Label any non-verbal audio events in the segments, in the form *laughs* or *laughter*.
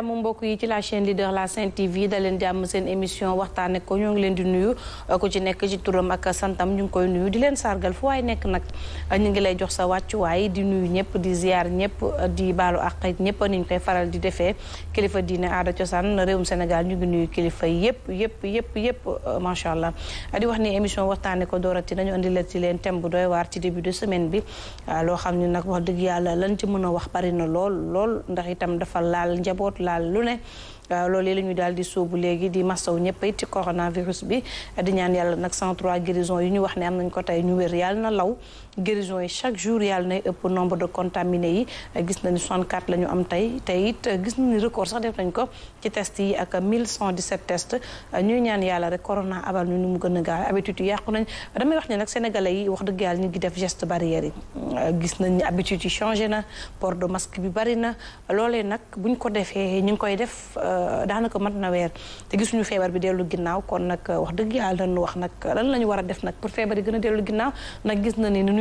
jàmm mbokk yi ci la chaîne leader la Sen TV da leen jàmm seen émission waxtaane ko ñoo ngi leen di nuyu uh, ku ci nekk ci turam ak santam ñu ngi koy nuyu di leen sargal fu waay nekk nag uh, ñu ngi lay jox sa wàccuwaay di nuyu ñëpp di ziar ñëpp uh, di baalu àq ñëpp niñ koy faral di defee kilifa diine aada cosaan réewum Sénégal ñu ngi nuyu kilifa yëpp yëpp yëpp yëpp macha allah di wax ni émission waxtaane ko doorati nañu andi la ci leen thème dooy doy waar ci début de semaine bi loo xam ne nag wax dëgg yàlla lan ci mën a wax bari na lool laal lu ne loolu la ñu daal di sóobu léegi di masaw ñëpp it ci coronavirus bi di ñaan yàlla nag 103 guérison yu ñu wax ne am nañ ko tey ñu wér yàlla na law guérison yi chaque jour yàlla nay ëpp nombre de contaminés yi gis nañu 64 la ñu am tey tey it gis nañu record sax def nañ ko ci test yi ak 1117 tests ñuy ñaan yàlla rek corona abal ñu nu mu gën a gaaw habitude yi yàqu nañ damay wax ne nag sénégalais yi wax dëgg yàlla ñu ngi def geste barrière yi gis nañ ni habitude yi changé na port de masque bi bari na loolee nag buñ ko defee ñu ngi koy def euh, daanaka mat na weer te gisuñu feebar bi dellu ginnaaw kon nag wax dëgg yàlla lan wax nag lan la ñu war na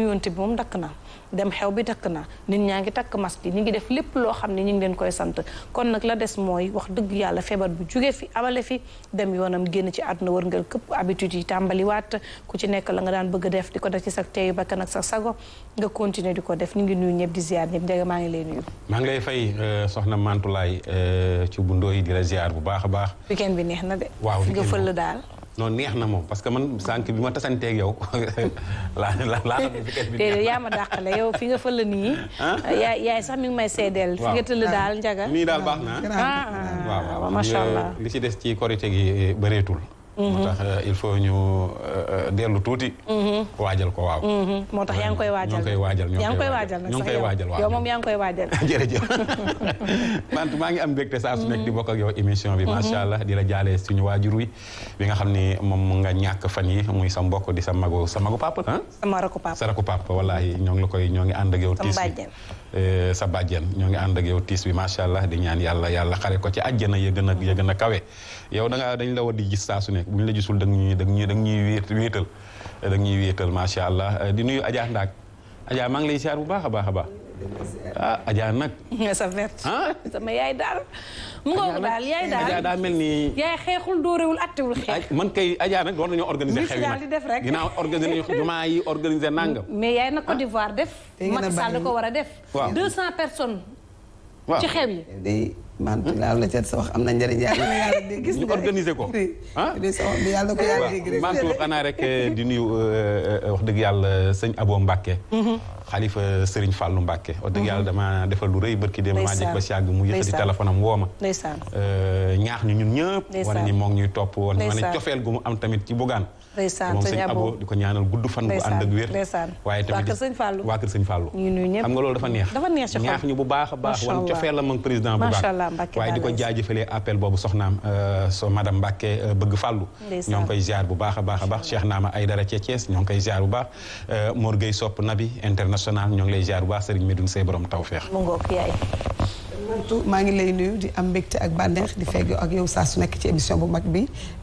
communauté bi moom dakk na dem xew bi dakk na nit ñaa ngi takk masque yi ñu ngi def lépp loo xam ne ñu ngi leen koy sant kon nag la des mooy wax dëgg yàlla feebar bu jugee fi abale fi dem yoonam génn ci àdduna war ngel këpp habitude yi tàmbaliwaat ku ci nekk la nga daan bëgg def di ko def ci sa teeyu bakkan ak sa sago nga continuer di ko def ñu ngi nuyu ñëpp di ziar ñëpp njega maa ngi leen nuyu maa ngi lay fay euh, soxna Mantulaay euh, ci bu ndooy di la ziar bu baax a baax weekend bi neex na de nga fël non neex na moom parce que man sànq bi ma tasanteeg yow *laughs* laa la laa te yaa ma dàqale yow fi nga fël nii ah? yaay yaay sax mi ngi may seedeel fi nga tëll daal njaga nii daal baax na ah, ah. waaw waaw macha allah li si des ci korité gi bëreetul moo mhm. tax euh, il faut ñu euh, euh, dellu tuuti. Mhm. waajal ko waaw. Mhm. moo tax yaa ngi koy waajal ñoo ngi koy waajal ñoo ngi koy koy waajal waaw moom yaa ngi koy waajal. *laughs* jërëjëf man *laughs* maa ngi am mbégte saa su nekk bokk ak yow émission bi. macha allah di la jaale suñu waajur wi bi nga xam ne moom nga ñàkk fan yi muy sa mbokk di sa magu sa magu papa. Ah? sama rakku papa sa rakku papa wallaahi ñoo ngi la koy ñoo ngi ànd ak yow. tiis bi eh, sa bàjjen ñoo ngi ànd ak yow tiis bi macha allah di ñaan yàlla yàlla xare ko ci àjjana ya gën a ya gën a kawe yow da nga dañ la war di gis saa su nekk bu ñu la gisul da ñuy da ñuy da ñuy wéetal da ñuy wéetal macha allah euh, di nuyu Adja Ndaak Adja maa ngi lay siyaar bu baax a baax baax. ah Adja nag. sa *laughs* vert. ah sama yaay daal. daa mel ni. yaay xeexul dóorewul attewul xeex. man kay Adja nag war nañoo organiser xew yi nag organiser nañu *laughs* jumaa organiser nangam. mais yaay na ah. Côte d'Ivoire def. Macky Sall ko war a def. waaw 200 personnes. waaw ci xew maanaam laa la ca sa wax am na njëriñ yàlla na yàlla dégg gis *laughs* nga organisé ko ah ko yàlla dégg rek mantu xanaa rek eh, di nuyu eh, eh, wax dëgg yàlla sëñ Abo Mbacke mm-hmm. xalifa Serigne Fallou Mbacke dëgg yàlla mm-hmm. dama defal lu rëy bërki dem maa jëkk ba si yàgg mu yëkkati téléphone am woo ma ñaax ñu ñun ñëpp wane ni moo ñuy topp wane ni cofeel gu mu am tamit ci bugaan ndeysaan moom sëñ abo di ko ñaanal gudd fan bu ànd ak wér waaye tamit waa kër sëñ Fallou waa kër sëñ Fallou ñu xam nga loolu dafa neex dafa neex ci ñu bu baax a baax wan cofee la mag président bu baax waaye di ko jaajëfalee appel boobu soxnaam euh, so madame Mbacke euh, bëgg Fallou ñoo ngi koy ziar bu baax a baax a baax Cheikh Naama Aydara ci Thiès ñoo ngi koy ziar bu baax euh, Mor Gueye Sopp Nabi international ñoo ngi lay ziar bu baax Serigne Medoune Sey borom tawfeex maa ngi lay nuyu di am mbégte ak bànneex di fegg ak yow saa su nekk ci émission bu mag bi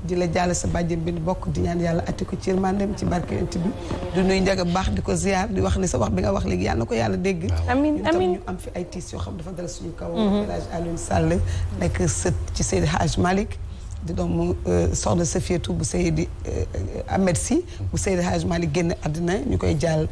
di la jaale sa bàjjen benn bokk di ñaan yàlla atti ko ci yërmandem ci barke yonent bi du nuy njaga baax di ko ziar di wax ne sa wax bi nga wax léegi yàlla na ko yàlla dégg amiin amiin ñu am fi ay tiis yoo xam dafa dal suñu kaw village mhm. Alioune Sall nekk sët ci Seydi Hadj Malick di doomu euh, soxna Safiatou bu Seydi euh, Ahmed si bu Seydi Hadj Malick génn àddina ñu koy jaal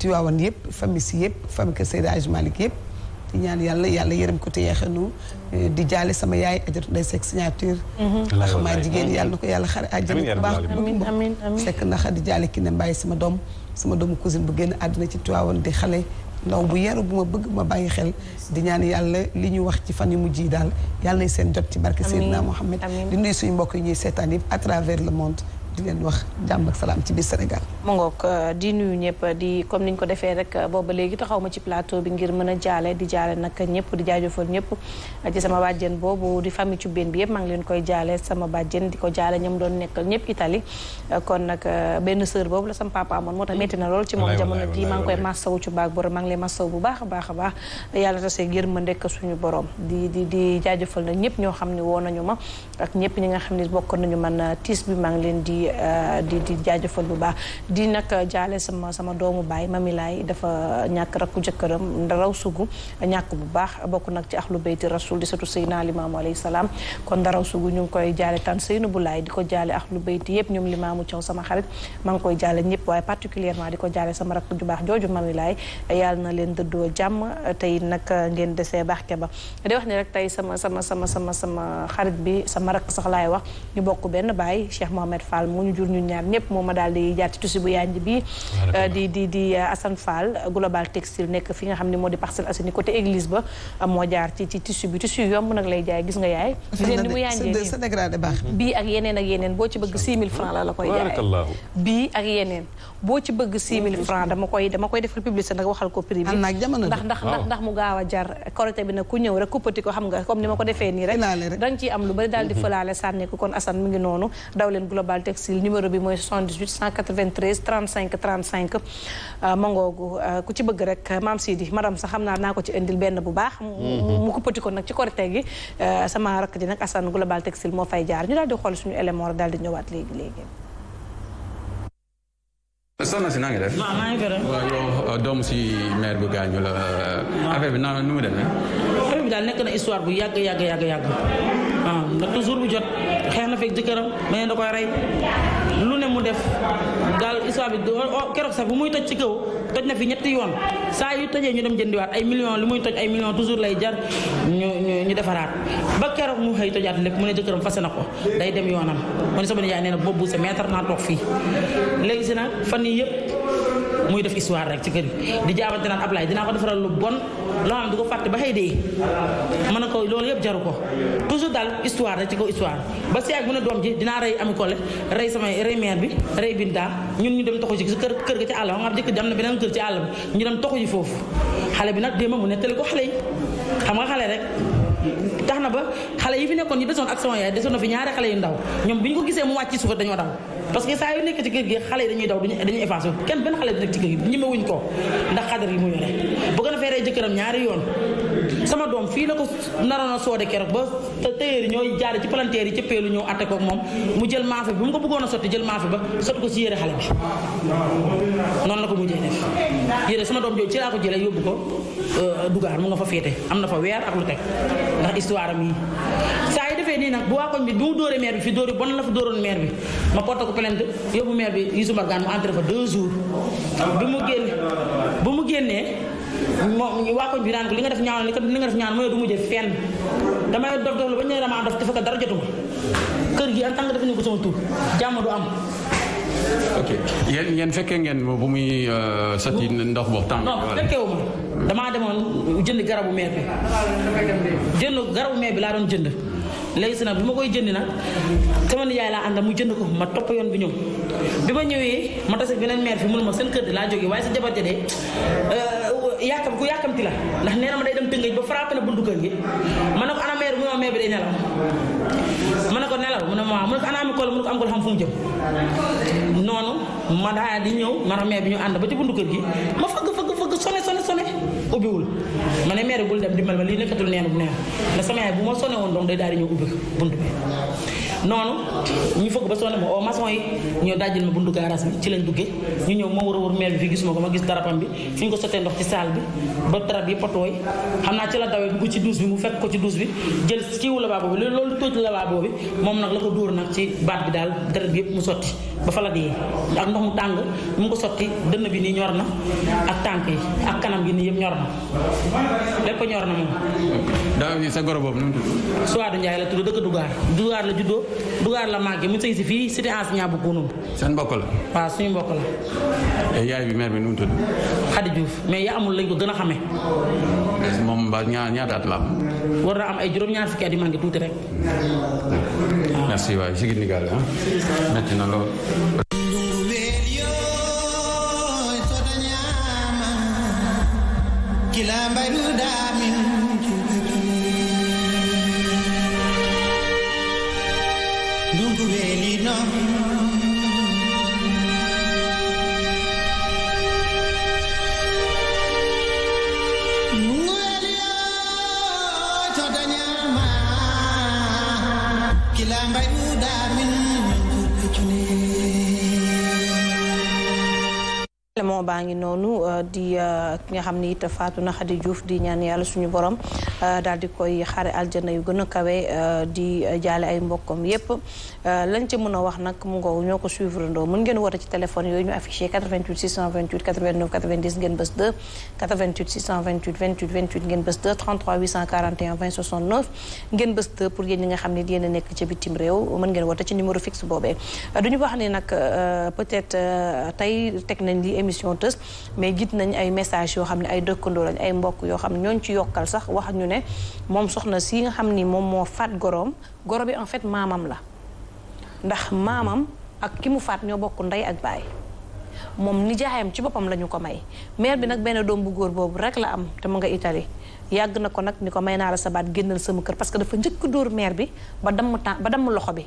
Tiwaawan yëpp famille si yëpp famille kër Seydi Hadj yëpp di ñaan yàlla yàlla yërëm ko te yeexanu eh, di jaale sama yaay ajatu day sekk signature mhm. ndax maa jigéen yàlla na ko yàlla xare àjjana bu baax bu sekk ndax di jaale ki ne mbaay sama doom sama doomu cousine bu génn àddina ci Tiwaawan di xale ndaw bu yaru bu ma bëgg ma bàyyi xel di ñaan yàlla li ñu wax ci fan yu mu yi daal yàlla nañ seen jot ci barke Seydina Mohamed di nuyu suñu mbokk yi ñuy seetaan yëpp à travers le monde di leen wax jàmm ak salaam ci biir Sénégal. mu ngoog euh, di nuyu ñëpp di comme niñ ko defee rek euh, booba léegi taxaw ma ci plateau bi ngir mën a jaale di jaale nag ñëpp di jaajëfal ñëpp ci sama bàjjen boobu di famille cubbeen bi yëpp maa ngi leen koy jaale sama di ko jaale ñoom doon nekkal ñëpp Italie euh, kon nag benn sœur boobu la sama papa amoon moo tax metti na lool ci moom jamono ji maa ngi koy massawu ci baag borom maa ngi lay bu baax a baax a baax yàlla tasee ngir ma ndekk suñu borom di di di jaajëfal na ñëpp ñoo xam ne woo nañu ma ak ñëpp ñi nga xam ne bokk nañu Euh, di di jaajëfal bu baax di nag jaale sama sama doomu baay mami laay dafa ñàkk rakku jëkkëram ndaraw sugu ñàkk bu baax bokk nag ci ahlu bayti rasul di satu seydina limaamu alayhi salaam kon ndaraw sugu ñu ngi koy jaale tan seynu bu laay di ko jaale ahlu bayti yëpp ñoom limaamu caw sama xarit maa ngi koy jaale ñëpp waaye particulièrement di ko jaale sama rakk ju baax jooju mi laay yàlla na leen dëddoo jàmm tey nag ngeen baax barke ba di wax ni rek tey sama sama sama sama sama xarit bi sama rakk sax wax mu ñu jur ñun ñaar ñëpp moom ma daal di jaar ci tissu bu yanj bi euh, di di di euh, Assane global textile nekk fi nga xam ne moo di Parcelles Assainies côté église dama koy defal publicité nag ndax ndax mu gaaw a jar korité bi nag ku ñëw rek kuppati ko xam nga comme ni ma ko defee nii rek danga ciy am lu bari daal di mhm. fëlaale sànni ko kon Assane mi ngi noonu daw leen global textile textile numéro bi mooy 78 193 35 35 mangoogu ku ci bëgg rek maam Sidi madame sax xam naa naa ko ci indil benn bu baax mu ko pëti ko nag ci korite gi ah, sama rakk ji nag Assane Global Textile moo fay jaar ñu daal di xool suñu élément rek daal di ñëwaat léegi léegi soxna si naa ngi def. waaw maa ngi gërëm. Euh, doomu si maire bu gaañu la. Euh, affaire bi naa nu mu demee. affaire bi daal nekk na histoire bu yàgg yàgg yàgg yàgg toujours bu jot xeex na fekk jëkkëram ma ne koy rey lu ne mu def daal histoire bi oh, oh, keroog sax bu muy toj ci kaw. toj na fi ñetti yoon saa yu tojee ñu dem jëndiwaat ay million lu muy toj ay million toujours lay jar ñu ñu defaraat ba keroog mu xëy tojaat lépp mu ne jëkkëram fase na ko day dem yoonam ma ne sama nijaay nee na boobu sa maître naa toog fii léegi si nag fan yii yëpp muy def histoire rek ci kër gi di jaabante naan Ablaye dinaa ko defaral lu bon loo xam ne du ko fàtte ba xëy dee mën na ko loolu yëpp jaru ko toujours daal histoire rek ci kaw histoire ba si ak mu ne doom ji dinaa rey ami collègue rey samay rey mère bi rey Binta ñun ñu dem toxu ci foofu xale bi nag démb mu nettali ko xale yi xam nga xale rek dax na ba xale yi fi nekkoon ñu desoon ak sama yaay desoon na fi ñaari xale yu ndaw ñoom bi ñu ko gisee mu wàcc ci dañoo daw parce que saa yu nekk ci kër gi xale yi dañuy daw dañuy effacé kenn benn xale du nekk ci kër gi ñemewuñ ko ndax xadar yi mu yore bu ko defee jëkkëram ñaari yoon sama doom fii la ko naroon a soode keroog ba tëyeer ñooy jaar ci palanteer yi ca lu ñëw atte kook moom mu jël maafe bi mu ko bëggoon a sotti jël maafe ba sotti ko si yére xale bi noonu la ko mujjee def yére sama doom jooju ci laa ko jëlee yóbbu ko euh, dugaan mu nga fa féete am na fa weer ak lu teg ndax histoire am yi saa yi defee nii nag bu waa koñ bi bu mu dóoree maire bi fi dóor bon la fa dóoroon maire bi ma porté ko plainte yóbbu maire bi Youssou Mbargane mu entré fa deux jours bu moom waa koñ bi naan ko li nga def ñaaw li nga def ñaaw mooy du mujjee fenn damay dof dof lu ba ñu ne damaa dof te fekk dara jotuma kër gi en tant que defuñu ko sama tur jàmm du am. ok yéen yéen fekkee ngeen bu muy euh, sotti ndox boobu temps non fekkee wu ma damaa demoon jënd garabu meer bi jënd garabu meer bi laa doon jënd. léegi si nag bi ma koy jëndi nag sama nijaay laa àndal mu jënd ko ma topp yoon bi ñëw bi ma ñëwee ma tase beneen maire fi mu ne ma seen kër di laa jógee waaye sa jabar ja de euh, ku yàkkamti la ndax nee na ma day dem tëngëj ba frappé na buntu kër gi ma na ko ana maire bi ma maire nelaw ma ne ko nelaw mu ne ma mu ne ko anaami kol mu ko am ko xam fu mu jëm noonu ma daa di ñëw ma ramee bi ñu ànd ba ci buntu kër gi ma fëgg fëgg fëgg sone sone sone ubbiwul ma ne mère bul dem dimbal ma lii nekkatul neenu bu neen ndax sama yaay bu ma sone woon day daal di ñëw ubbi buntu bi noonu ñu fëgg ba sonné ma oo maçon yi ñoo dajjal ma buntu garage bi ci lañ duggee ñu ñëw ma wër a wër maire bi fii gisuma ko ma gis darapam bi fi ñu ko sottee ndox ci salle bi ba darab yi potooy ci la dawee bi mu fekk ko ci duus bi jël kiiwu la baa boobu loolu tóoj la baa boobu moom nag la ko dóor nag ci baat bi daal deret bi mu sotti ba fa la dee ak ndox mu tàng mu ngi ko sotti dënn bi nii ñor na ak tànk yi ak kanam gi nii yëpp ñor na lépp ñor na moom daaw bi sa goro boobu nu mu tudd Suwaadu Njaay la tudd dëkk Dugaar dugaar la màggee mu sëy si fii cité enseignant bu Kounoun. seen mbokk la. waaw suñu mbokk la. yaay bi mère bi nu mu tudd. Khady Diouf mais yaa amul lañ ko gën a xamee. moom ba ñaar ñaata at la am. war na am ay juróom-ñaar fukki at yu màggee tuuti rek. merci waay Sigid Ndigal ah. métti na lool. ngi ki nga xam ni it faatu na Xadi Diouf di ñaan yàlla suñu borom euh, daal koy xare aljana yu gën kawe euh, di jaale ay mbokkam yépp euh, lañ ca mën a wax nag mu ngoo ñoo ko suivre ndoo mën ngeen woote ci téléphone yooyu ñu affiché ngeen bës 2 ngeen bës 2 pour yéen nga xam ne yéen nekk ca bitim réew mën ngeen woote ci numéro fixe boobee duñu wax ni nag peut-être tey teg nañ li émission tës mais gis nañ ay message yoo xam ne ay dëkkandoo lañ ay mbokk yoo xam ne ñooñ ci yokkal sax wax ñu ne moom soxna si nga xam ni moom moo faat goroom goro bi en fait maamam la ndax maamam ak ki mu faat ñoo bokk ndey ak baay moom nijaayam ci boppam la ñu ko may mère bi nag benn doom bu góor boobu rek la am te mu nga Italie yàgg na ko nag ni ko may naa la sa baat génnal sama kër parce que dafa njëkk dóor mère bi ba damm temps ba damm loxo bi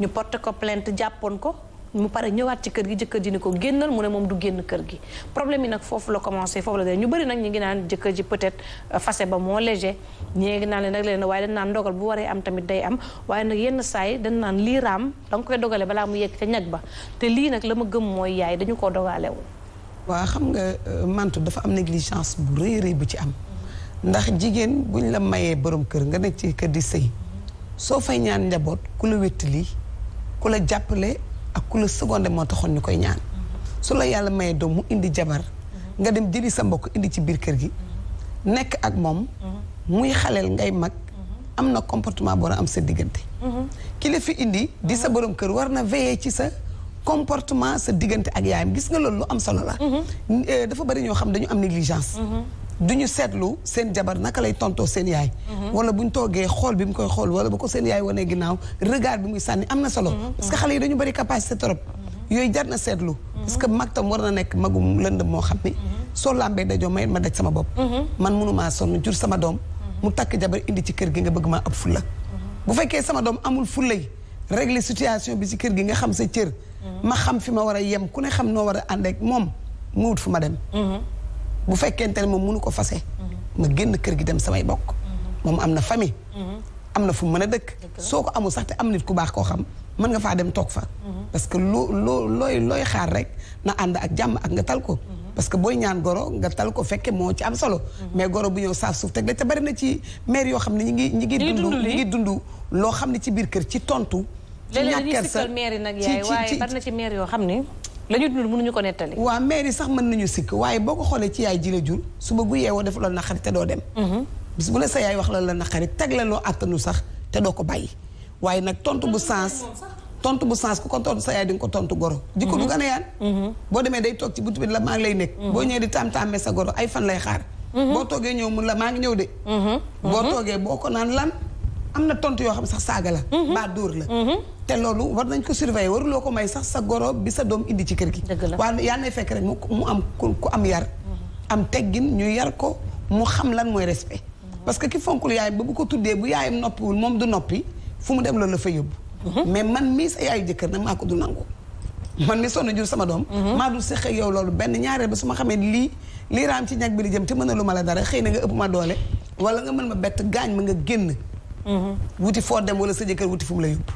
ñu porte ko plainte jàppoon ko mu pare ñëwaat ci kër gi jëkkër ji ni ko génnal mu ne moom du génn kër gi problème yi nag foofu la commencé foofu la de ñu bëri nag ñu ngi naan jëkkër ji peut-être euh, ba moo léger ñi ngi naan leen nag leen waaye dañ naan ndogal bu waree am tamit day am waaye nag yenn saa yi naan lii raam koy dogale balaa mu yegg ca ñag ba te lii nag la ma gëm mooy yaay dañu koo dogale woon waaw xam nga euh, mantu dafa am négligence bu rëy rëy bu ci am ndax jigéen buñ la mayee borom kër nga nekk ci kër di sëy soo fay ñaan njaboot ku la wéttali ku la jàppale ak ku la secondé moo taxoon ñu koy ñaan su la yàlla mayee doom mu indi jabar nga dem jëli sa mbokk indi ci biir kër gi nekk ak moom muy xaleel ngay mag am na comportement boo am sa diggante mhm. ki indi di sa borom kër war na veiller ci sa comportement sa diggante ak yaayam gis nga loolu lu am solo la. Mhm. Euh, dafa bari ñoo xam dañu am négligence. Mhm. du seetlu seen jabar naka lay tontoo seen yaay. Mhm. wala bu ñu toogee xool bi mu koy xool wala bu ko seen yaay wanee ginnaaw regard bi muy sànni am na solo. parce que xale yi dañu bari capacité trop. yooyu jar na seetlu. parce mag tam war na nekk magum lëndëm moo xam ni. soo làmbee dajoo may ma daj sama bopp. man mënumaa sonn jur sama doom. mu takk jabar indi ci ma xam fi ma war a yem ku ne xam noo war a ànd ak moom mu wut fu ma dem. Mhm. bu fekkente ne moom mënu ko fase mhm. ma génn kër gi dem samay bokk. Mhm. moom am na famille. am na fu mën a dëkk. soo ko amul sax te am nit ku baax koo xam mën nga faa dem toog fa. parce que loo loo looy looy xaar rek na ànd ak jàmm ak nga tal ko. parce que booy ñaan goro nga tal ko fekke moo ci am solo. mais goro bu ñëw saaf suuf teg te bari ci maire yoo xam ne ñi ngi. dundu ñi ngi dundu loo xam ne ci biir kër ci tontu. ñàkk kersa ci ci bari na ci maire yoo xam ne la ñu dund mënuñu ko nettali. waaw maire yi sax mën nañu sikk waaye boo ko xoolee ci yaay ji la jur suba gu yeewoo def loolu naqari te doo dem. Mhm. bis bu la sa yaay wax loolu la naqari teg la loo àttanu sax te doo ko bàyyi waaye nag tontu bu sens. tontu bu sens ku ko tontu sa yaay di ko tontu goro. jikko du mhm. gën a yaan. Mhm. boo demee day toog ci buntu bi la maa ngi lay nekk. boo ñëwee di taam taamee sa goro ay fan lay xaar. boo toogee ñëw mun la maa ngi ñëw de. boo toogee boo ko naan lan am na tontu yoo xam sax saaga la. baa dóor la. te loolu war nañ ko surveiller waruloo ko may sax sa goro bi sa doom indi ci kër gi. waaw yaa nay fekk rek mu mu am ku am yar. Mhm. am teggin ñu yar ko mu xam lan mooy respect. Mhm. parce que ki fonkul yaayam ba bu ko tuddee bu yaayam noppiwul moom du noppi fu mu dem loolu la fa yóbbu. Mhm. mais man mii sa yaayu jëkkër nag maa ko du nangu. man mi sonn jur sama doom. maa dul séq yow loolu benn ñaareel ba su ma xamee lii lii raam ci ñag bi li jëm te mënalu ma la dara xëy na nga ëpp ma doole. wala nga mën ma bett gaañ ma nga génn. wuti foo dem wala sa jëkkër wuti fu mu la yóbbu.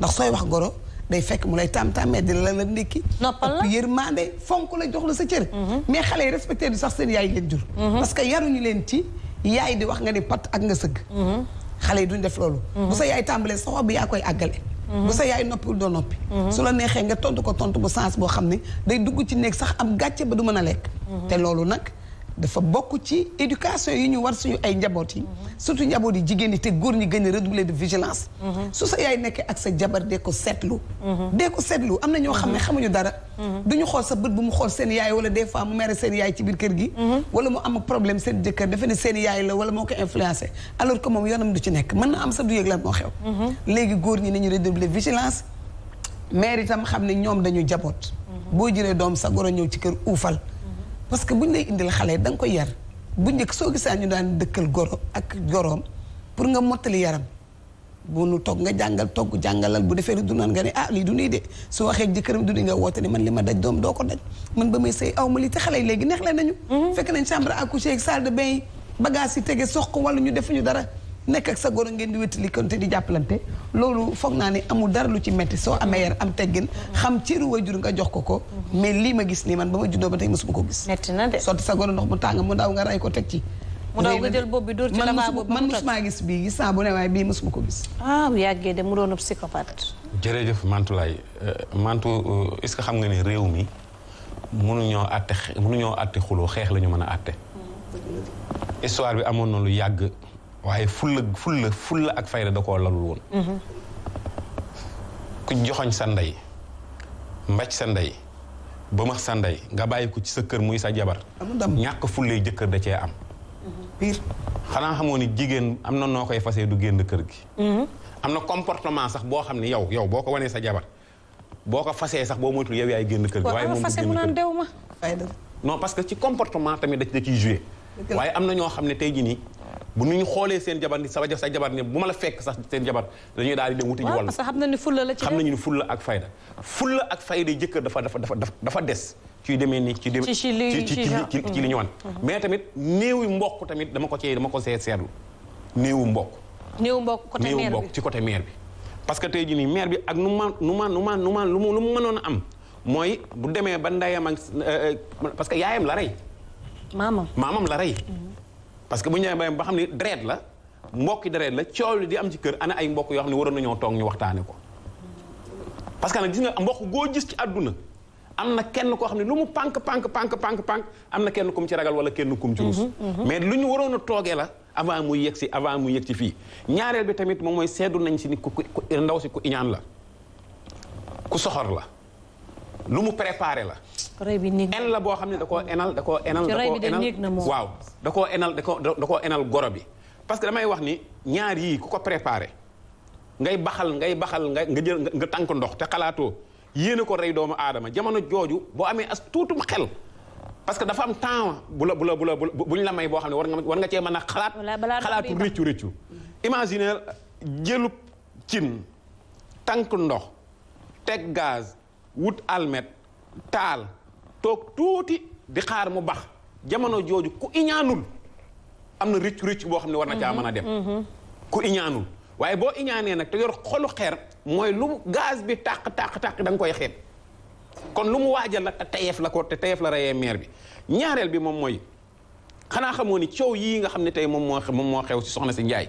ndax sooy wax goro day fekk mu lay taam-taamee di la la ndékki noppal la yërmande fonk la jox la sa cër mhm. mais xale yi respecté du sax seen yaay leen jur mhm. parce yaruñu leen ci yaay di wax nga ni pat ak nga sëgg mhm. xale yi duñ def loolu bu sa yaay tàmbalee sa wax bi yaa koy àggale bu sa yaay noppiwul doo noppi su la neexee nga tontu ko tontu bu sens boo xam ne day dugg ci néeg sax am gàcce ba du mën a lekk te loolu nag dafa bokk ci éducation yi ñu war suñu ay njaboot yi. surtout njaboot yi jigéen ñi te góor ñi gën a redoubler de vigilance. su sa yaay nekkee ak sa jabar dee ko seetlu. dee ko seetlu am na ñoo xam ne xamuñu dara. du ñu xool sa bët bu mu xool seen yaay wala des mu mere seen yaay ci biir kër gi. wala mu am problème seen jëkkër defe ne seen yaay la wala moo ko influencé alors que moom yoonam du ci nekk mën na am sa du yëg moo xew. léegi góor ñi parce que bu ñu lay indil xale da nga ko yar bu njëkk soo gisaan ñu daan dëkkal goro ak goroom pour nga mottali yaram bu nu toog nga jàngal togg jàngalal bu defee du naan nga ne ah lii du nii de su waxee jëkkëram du nii nga woote ne man li ma daj doom doo ko daj man ba may sëy aw ma lii te xale yi léegi neex la mhm. fekk nañ chambre à coucher ak salle de bain yi bagage yi tege soq wala ñu defuñu dara nekk ak sa goro ngeen di wétali konte di jàppalante loolu foog naa ne amul dara lu ci metti soo amee yar am teggin xam ciru jur nga jox ko ko mais lii ma gis nii man ba ma juddoo ba tey mosuma ko gis metti na de sotti sa goro ndox mu tàng mu ndaw nga ray ko teg ci mu daw nga jël bopp bi dóor ci lavabo man mosuma gis bii gis naa bu ne waaye bii mosuma ko gis ah bu yàggee de mu doon psychopathe jërëjëf Mantoulaye Mantu euh, euh, est-ce que xam nga ne réew mi mënuñoo atte mënuñoo atte xuloo xeex la ñu mën a atte hmm. histoire bi amoon na lu yàgg waaye fulla fulla fulla ak fayda da koo lalul woon mhm. ku joxoñ sa ndey mbaj sa ndey ba max sa ndey nga bàyyi ko ci sa kër muy sa jabar ñàkk fullee jëkkër da cee am mhm. pire xanaa xamoo ni jigéen am na noo koy fasee du génn kër gi mhm. na comportement sax boo xam ne yow yow boo ko wanee sa jabar boo ko fasee sax boo moytul yow yaay génn kër gi moom du génn kër gi parce que ci comportement tamit da ciy joué waaye am na ñoo xam ne tey ji nii bu nu ñu xoolee seen jabar ni sa sa jabar ne bu ma la fekk sax seen jabar dañuy daal di dem wuti ji wàllu parce que xam nañu ne fulla la ak fayda fulla ak fayda jëkkër dafa dafa dafa dafa des demee ni ci demee ci ci li ñu wan mhm. mais tamit néewi mbokk tamit dama ko cee dama ko see seetlu néewu mbokk néewu mbokk côté mère bi néewu ci côté mère bi parce que tey jii nii mère bi ak nu ma nu ma nu ma nu ma lu mu lu ma mënoon a am mooy bu demee ba ndeyam ak euh, euh, parce que yaayam la rey maamam maamam la rey mhm. parce que bu ñu demee ba xam ne deret la mbokki deret la coow li di am ci kër ana ay mbokk yoo xam ne waroon nañoo toog ñu waxtaane ko parce que nag gis nga mbokk goo gis ci àdduna am na kenn koo xam ne lu mu pànk pànk pànk pànk pànk am na kenn kum ci ragal wala kenn kum ci rus mhm, mhm. mais lu ñu waroon a toogee la avant mu yegg si avant muy yegg si fii ñaareel bi tamit moom mooy seddu nañ si ni ku ndaw si ku iñaan la ku soxor la lu mu préparé la. en la boo xam ne da ko enal da koo enal. da koo enal waaw da koo enal da koo da koo enal goro bi. parce que damay wax ni ñaar yi ku ko préparé ngay baxal ngay baxal nga nga jël nga tànk ndox te xalaatoo yéene ko rey doomu aadama jamono jooju boo amee as tuutum xel. parce que dafa am temps bu bu bu la ñu la may boo xam ne war nga war nga cee mën a xalaat. xalaatu rëccu rëccu. imaginer jëlub cin tànk ndox teg gaz. wut almet taal toog tuuti di xaar mu bax jamono jooju ku iñaanul am na rëcc rëcc boo xam ne war na caa mhm, a dem mhm. ku iñaanul waaye boo iñaanee nag te yor xolu xeer mooy lu gaz bi tàq tàq tàq da koy xeet kon lu mu waajal la te tayeef la ko te tayeef la reyee maire bi ñaareel bi moom mooy xanaa xamoo ni coow yi nga xam ne tey moom moo moom moo xew si soxna si Njaay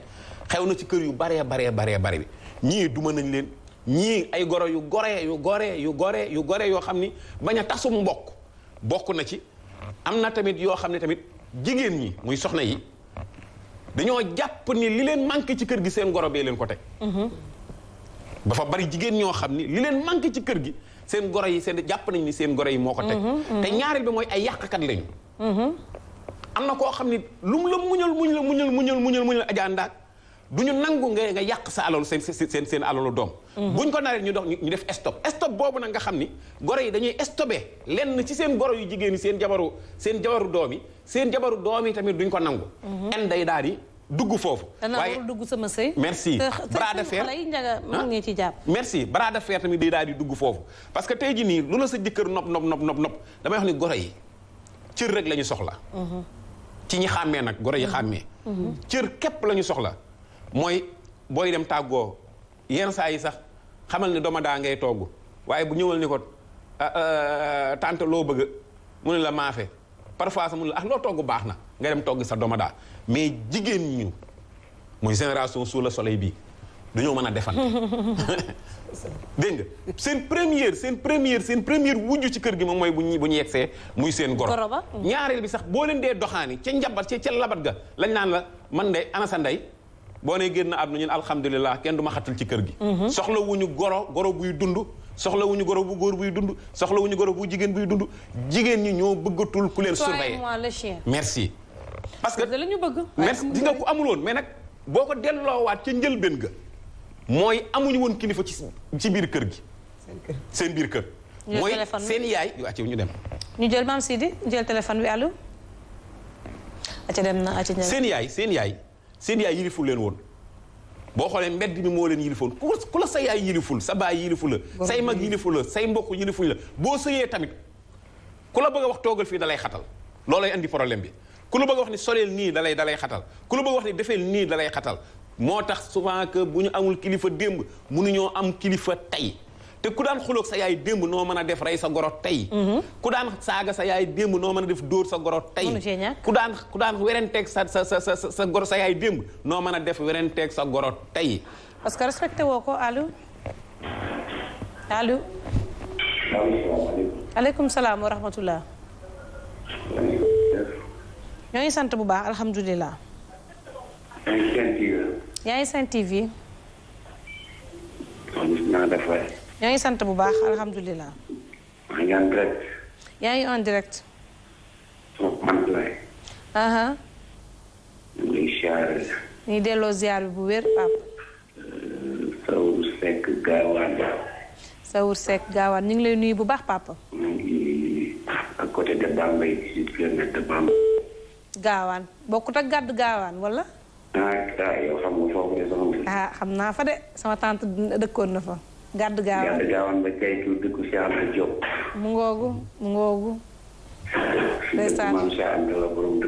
xew na ci kër yu baree baree baree bare bi ñii duma nañ leen ñii ay goro yu gore yu gore yu gore yu yoo xam ni bañ a tasum mbokk bokk na ci am na tamit yoo xam ne tamit jigéen ñi muy soxna yi dañoo jàpp ni li leen manqué ci kër gi seen goro bee leen ko teg ba mhm. fa bari jigéen ñoo xam ni li leen manqué ci kër gi seen goro yi seen jàpp nañ ni seen goro yi moo ko teg mhm, mhm. te ñaareel bi mooy ay yàqkat lañu am na koo xam ni lu mu la muñal muñ la muñal muñal muñal muñal ajaa ndaag du ñu nangu nga nga yàq sa alalu seen seen seen alalu doom Mm-hmm. buñ ko naree ñu dox ñu def stop stop boobu nag nga xam ni goro yi dañuy stopé lenn ci seen goro yu jigéen yi seen jabaru seen jabaru doom yi seen jabaru doom yi tamit duñ ko nangu mm-hmm. en day daal di dugg foofu waaye dugg sama sëy merci bras de fer ah? ngi ci jàpp merci bras de fer tamit day daal di dugg foofu parce que tey ji nii lu la sa jëkkër nopp nopp nopp nopp nopp damay wax ni goro yi cër rek la ñu soxla mm-hmm. ci ñi xàmmee nag goro yi xàmmee cër képp la ñu soxla mooy booy dem tàggoo yenn saa yi sax xamal ne doma daa ngay togg waaye bu ñëwal ni ko ah, ah, tante loo bëgg mu ne la maafe parfois sa mu ne la ah loo togg baax na nga dem togg sa doma daa mais jigéen ñu mooy génération sous le bii bi dañoo mën a defante *laughs* dégg nga seen première seen première seen première wujju ci kër gi moom mooy bu ñu bu ñu yegsee muy seen goro ñaareel bi sax boo leen dee doxaani ca njabat ca ca labat ga lañ naan la man de ana sa ndey boo nee génn am na ñun alhamdulilah kenn du ma xatal ci kër gi mhm. soxla wuñu goro goro buy dund soxla wuñu goro bu góor buy dund soxla goro bu jigéen buy dund jigéen ñi ñoo bëggatul ku leen surveiller merci parce que lañu bëgg merci di nga ku amul woon mais nag boo ko waat ca njëlbéen ga mooy amuñu woon kilifa ci ci biir kër gi seen biir kër mooy seen yaay yu acca ñu dem ñu jël maam Sidi jël téléphone bi allo acca dem na acca seen yaay seen yaay seen yaay yiliful leen woon boo xoolee mbedd mi moo leen yilifoon ku ku la sa yaay yiliful sa baay yilifu la say mag yilifu la say mbokk yilifuñ la boo sëyee tamit ku la bëgg a wax toogal fii dalay xatal loolay indi problème bi ku la bëgg a wax ni soleel nii dalay dalay xatal ku la bëgg a wax ni defeel nii dalay xatal moo tax souvent que bu ñu amul kilifa démb ñoo am kilifa tey te ku daan xuloog sa yaay démb noo mën a def rey sa goro tey mhm. ku daan saaga sa yaay démb noo mën a def dóor sa goro tey ku daan ku daan werenteeg sa sa sa sa goro sa yaay démb noo mën a def werenteeg sa goro tey parce que respecté woo ko allo allo aleykum salaam wa rahmatullah ngi sant bu baax alhamdulilah yaa ngi sant TV yaa ngi sant bu baax alhamdulilah. maa ngi yaa ngi en direct. man laay. ñu ngi delloo ziar bi bu wér Pape. Euh, Saour Seck Gaawaan. Saour Seck Gaawaan ñu ngi lay nuyu bu baax Papa. Gaawaan bokkut ak gàdd Gaawaan wala. Ah, ah, ah xam naa fa de sama tante dëkkoon na fa. gàdd gaawaan gàdd gaawaan ba caytu dëkku Cheikh Anta Diop. mu ngoogu mu ngoogu. ndeysaan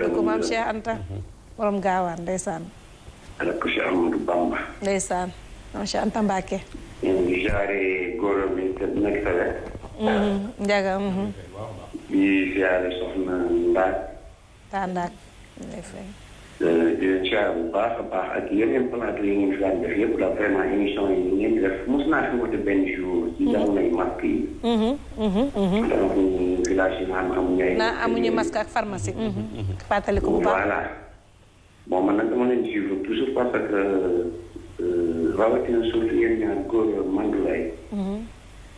dëkku maam Cheikh Anta borom gaawaan ndeysaan. dëkku Cheikh Amadou Bamba. ndeysaan maam Cheikh Anta Mbacke. ñu di eh, leen baax a baax ak yeneen plateau yi ngeen fi daan def yëpp daal vraiment émission yi ngeen di def mos naa fi woote benn jour. ci mhm. jamonoy masque yi. Mhm, mhm, donc village yi maanaam amuñu ay. naa amuñu masque ak pharmacie. fàttali ko bu baax bon man nag dama leen suivre parce que euh, rawatina surtout yéen ñaar góor Mandoulaye.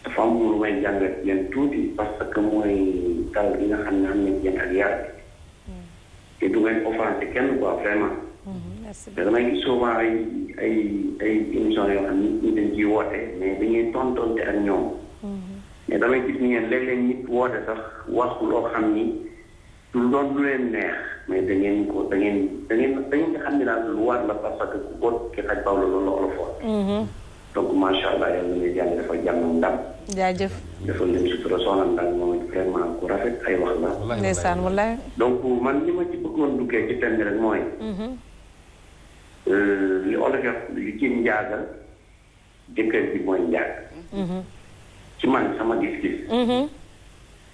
dafa am lu may jàngat yéen parce que mooy taw bi nga xam ne am nañu yéen te du ngeen offensé kenn quoi vraiment. Mhm, merci beaucoup damay gis souvent ay ay ay émissions yoo xam ni ñu dañ ciy woote mais dañuy tontonte ak ñoom. Mhm. mais damay gis ni ngeen léeg-léeg nit woote sax wax loo xam ni du lu leen neex mais da ngeen ko da ngeen da ngeen da ngeen xam ne daal lu war la parce que ku ko xaj bawlo loolu la olofoon. Mhm. donc macha allah yàlla na leen yàlla dafa jàmm ndam. jaajëf. defoon nañu sutura soxnaam daal moom it vraiment ku rafet ay wax la. ndeysaan wallaay donc man li ma ci bëggoon duggee ci thème bi rek mooy. Mhm. Euh, li olof li mhm. ci man sama gis-gis. Mhm.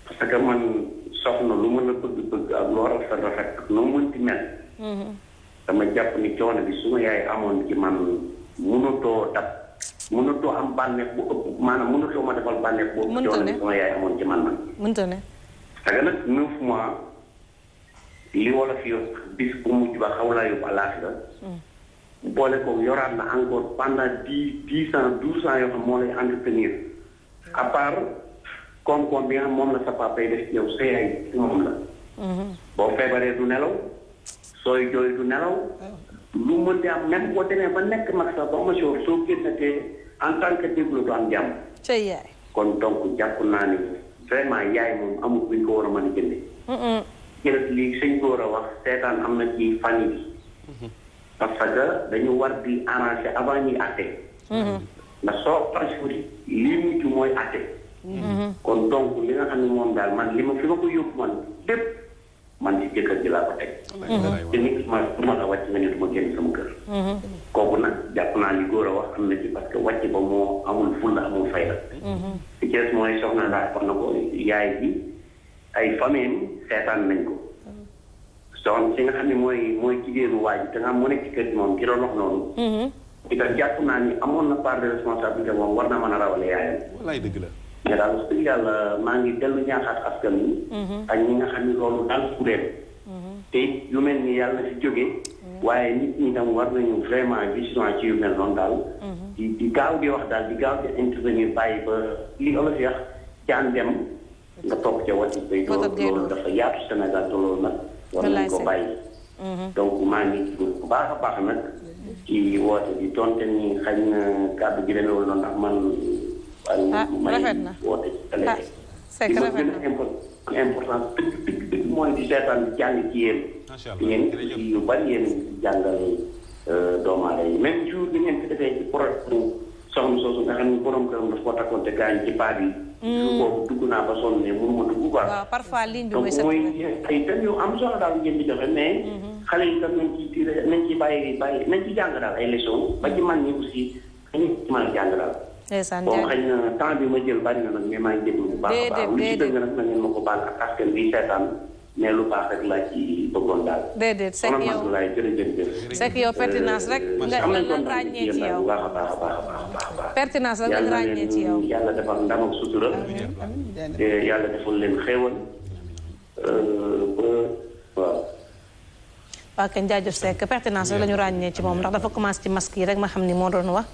parce que man soxna lu mën a bëgg-bëgg ak loo rafet rafet ak noo mënti mel. dama jàpp ni coono bi su ma yaay amoon ci man mënatoo dab. mënatoo am bànneex bu ëpp maanaam mënatoo ma defal bànneex bu ëpp. mënta ne sama yaay amoon ci man man. mënta ne. parce que nag neuf mois li wolof yor hmm. ko yoraat na encore pendant dix dix ans douze bi nga xam moom la moom la. Hmm. boo feebaree du nelaw sooy jooy du nelaw. Hmm. lu mën di am même boo demee ba nekk mag sax ba masoor soo génnatee en tant que déglu du am jàmm. cay yaay. kon donc jàpp naa ni vraiment yaay moom amul bu ñu ko war a mën a jëndee. jërëjëf lii sëñ góor a wax seetaan am na ci famille bi. Mm-hmm. parce que dañu war di arranger avant ñuy àtte. Mm-hmm. ndax soo parjuri lii mujj mooy àtte. Mm-hmm. kon donc li nga xam ne moom daal man li ma fi ma ko yóbbu man lépp. man ci jëkkër ji laa ko teg. te nit ma ma la wàcc nga ne du génn sama kër. Mhm. kooku nag jàpp naa ni góor a wax am na ci parce que wàcc ba moo amul fulla amul fayda. Mhm. ci kees mooy soxna daal wax na ko yaay ji ay famille seetaan nañ ko. donc si nga xam ne mooy mooy jigéenu waa te nga mu nekk ci kër moom ki doon noonu. Mhm. itam jàpp naa ni amoon na part de responsabilité moom war na mën a rawale yaayam. wallaay dëgg la. mais daal wax dëgg yàlla maa ngi dellu ñaaxaat askan wi. Mhm. ak ñi nga xam ne loolu daal ku mhm. te yu mel ni yàlla si jóge mhm. waaye nit ñi tam war nañu vraiment vigilant ci yu mel daal. di di gaaw di wax daal di gaaw di intervenir bàyyi ba li olof yax caan dem. nga toog ca wati bay loolu dafa yaatu Sénégal te loolu nag. war nañu ko bàyyi. donc maa ngi bu baax a baax nag. ci woote bi donte ni xañ na kàddu gi demewul noonu ndax man. ah rafet na ah c'est que rafet na important dëgg dëgg dëgg mooy di seetaan jàng ci yéen. macha allah jërëjëf yu bari yéen jàngal euh, doomu yi même jour bi ngeen fi defee ci projet bu soxna soosu nga xam ne borom këram dafa ko takkoon te gaañ ci paa mm. bi. dugg naa ba sonn ne mënuma dugg quoi. waaw parfois ligne bi mooy donc ay thèmes am solo daal ngeen di joxe mais. Mm-hmm. xale yi tam nañ ci tiré nañ ci bàyyi bàyyi nañ ci jàng daal ay leçons ba ci man ñi aussi dañuy mën a jàng daal. ndeysaan bon xëy na temps bi ma jël bari na nag mais maa ngi déglu bu baax a baax lu ci dëgg nag na ngeen ma ko baal ak askan bi seetaan mais lu baax rek laa ci bëggoon daal. déedéet sekk yow maanaam Abdoulaye jërëjëf. sekk yow pertinence rek euh, nga nga ràññee ci yow baax a baax a baax a baax. pertinence rek nga ràññee ci yow yàlla defal ndam ak sutura. te yàlla defal leen xéewal. Euh, waaw. waaw kañ jaajëf Seck pertinence rek la ñu ràññee ci moom ndax dafa commencé ci masque yi rek ma xam ni moo doon wax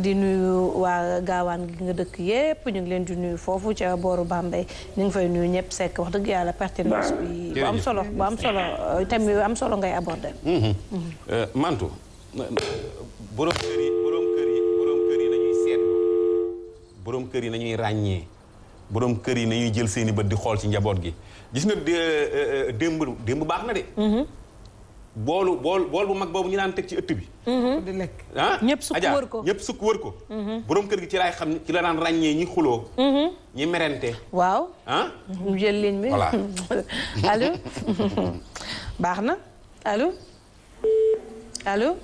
di nuyu waa gaawaan gi nga dëkk yépp ñu ngi leen di nuyu foofu ca booru Bambey ñu ngi fay nuyu ñëpp Seck wax dëgg yàlla pertinence bi bu am solo bu am solo thème am solo ngay aborder mm-hmm. mm-hmm. euh, Mantou borom kër yi borom kër yi borom kër nañuy seetlu borom kër yi nañuy ràññee borom kër nañuy jël seeni bët di xool ci njaboot gi gis nga euh, euh, démb démb baax na de mm-hmm. boolu bool bool bu mag boobu ñu daan teg ci ëtt bi. Mhm. di lekk ah ñëpp sukk wër ko ñëpp ko. Mhm. borom kër gi ci laay xam ci la daan ràññee ñi xuloo. Mhm. ñi merente. waaw ah. ñu jël ligne bi voilà *laughs* allo. *laughs* baax na allo allo.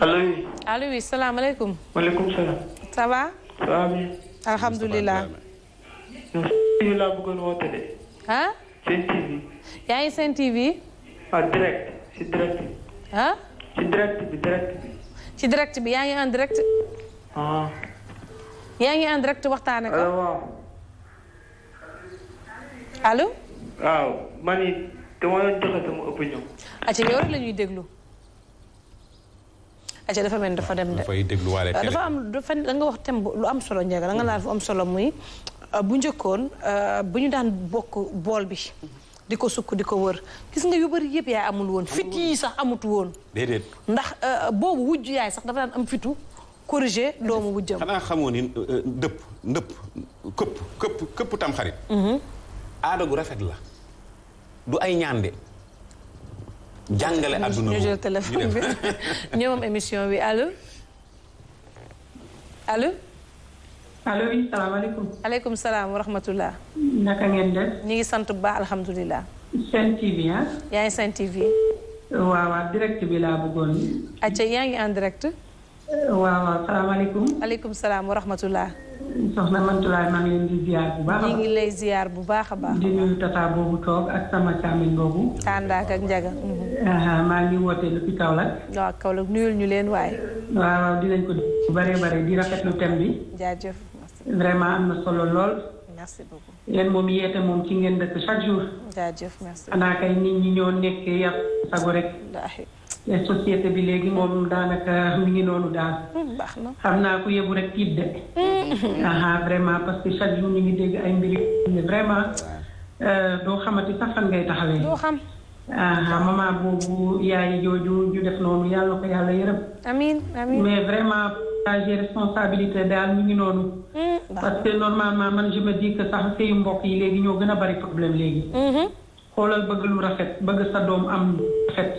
allo. allo oui salaamaaleykum. maaleykum salaam. ça va. ça va bien. alhamdulilah. seen TV laa bëggoon woote de. ah. yaa ngi seen TV. ah direct si direct. ah. si direct bi direct bi. ci direct bi yaa ngi en direct. Ah. yaa ngi en direct waxtaane ko. allo ah, waaw. allo. waaw man it dama doon joxe sama opinion. aca yow rek déglu. aca dafa mel dafa dem de. dafay dafa am dafa da nga wax thème lu am solo njëkk da nga laal fu am solo muy bu njëkkoon euh, bu ñu daan bokk bool bi. di ko sukk di ko wër gis nga yu bari yëpp yaay amul woon fit yi sax amut woon déedéet ndax euh, boobu wujj yaay sax dafa daan am fitu corriger doomu wujjam xanaa xamoo ni euh, euh, dëpp ndëpp këpp këpp këpp tam xarit mhm. aada gu rafet la du ay ñaande jàngale àdduna ñu jël bi *laughs* ñoom émission bi allo allo allo salaamaaleykum. aleykum salaam wa rahmatullah. naka ngeen def. ñu ngi sant bu baax alhamdulilah. Sen TV ah. yaa ngi Sen TV. waaw waaw direct bi laa bëggoon. acca yaa ngi en direct. Eh, waaw waaw salaamaaleykum. aleykum salaam wa rahmatullah. soxna Mantoulaye maa ngi leen di ziar bu baax a baax. ñu ngi lay ziar bu baax a baax. di nuyu tata boobu toog ak sama càmmiñ boobu. tàndaak ak njaga. Mhm. Eh, eh, maa ngi woote lu fi Kaolack. waaw Kaolack nuyul ñu leen waaye. waaw dinañ ko bu bëree bëri di rafetlu thème bi. vraiment e am e e mm, na solo lool. merci moom yeete moom ci ngeen dëkk chaque jour. jaajëf merci xanaa kay nit ñi ñoo nekk yàq sago rek. Mm. mais société bi léegi moom daanaka mi ngi noonu daal. baax na xam naa ko yóbbu rek tiit de. vraiment parce que chaque jour ñu ngi dégg ay mbiri vraiment eh, doo xamati sax fan ngay taxawee. doo xam. maman boobu yaay jooju ju def noonu yàlla ko yàlla yërëm. amiin amiin mais vraiment. partager responsabilité daal mu ngi noonu. Hmm, parce que normalement man je me dis que sax sëyu mbokk yi léegi ñoo gën a bari problème léegi. Hmm. xoolal bëgg lu rafet bëgg sa doom am rafet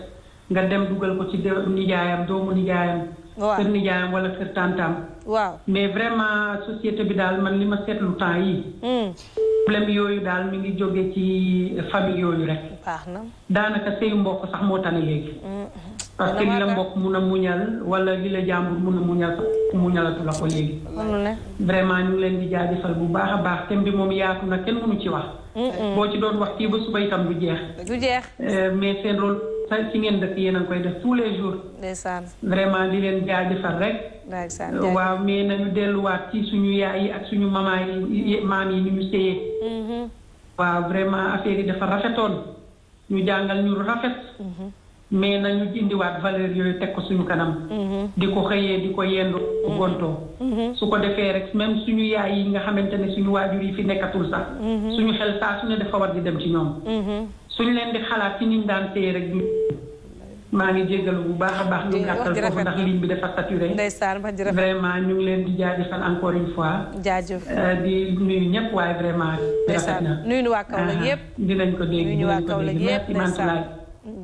nga dem dugal ko ci nijaayam doomu nijaayam. waaw kër nijaayam walla kër tàntaam. waaw mais vraiment société bi daal man li ma seetlu temps yi hmm. problème yooyu daal mi ngi jóge ci famille yooyu rek. baax na daanaka sëyu mbokk sax moo tane léegi. parce que li la mbokk mun a muñal wala li la jàmbur mun a muñal muñalatu la ko léegi. vraiment ñu ngi leen di jaajëfal bu baax a baax thème bi moom yaatu na kenn mënu ci wax. boo ci doon wax kii ba suba itam du jeex. du jeex euh, mais seen rôle ci ngeen def yéen a koy def tous les jours. ndeysaan vraiment di leen jaajëfal rek. Euh, waaw mais ñu delluwaat ci suñu yaay yi ak suñu mama yi maam yi ni ñu séyee. Mm-hmm. waaw vraiment affaire yi dafa rafetoon ñu jàngal ñu rafet. Mm-hmm. mais nañu indiwaat valeur yooyu teg ko suñu kanam. Mhm. di ko xëyee di ko yendu mhm. gontoo mhm. su ko defee rek même suñu yaay yi nga xamante ne suñu waajur yi fi nekkatul sax. suñu xel saa su dafa war di dem ci ñoom. suñu leen di xalaat ci niñ daan téye rek. maa ngi jégalu bu baax a baax ñu gàttal foofu ndax ligne bi dafa saturé ndeysaan wax jërëjëf vraiment ñu ngi leen di jaajëfal encore une fois jaajëf euh, di nuyu ñëpp waaye vraiment ndeysaan nuyu nu waa Kaolack ah, yëpp dinañ ko dégg dinañ ko dégg merci Mantoulaye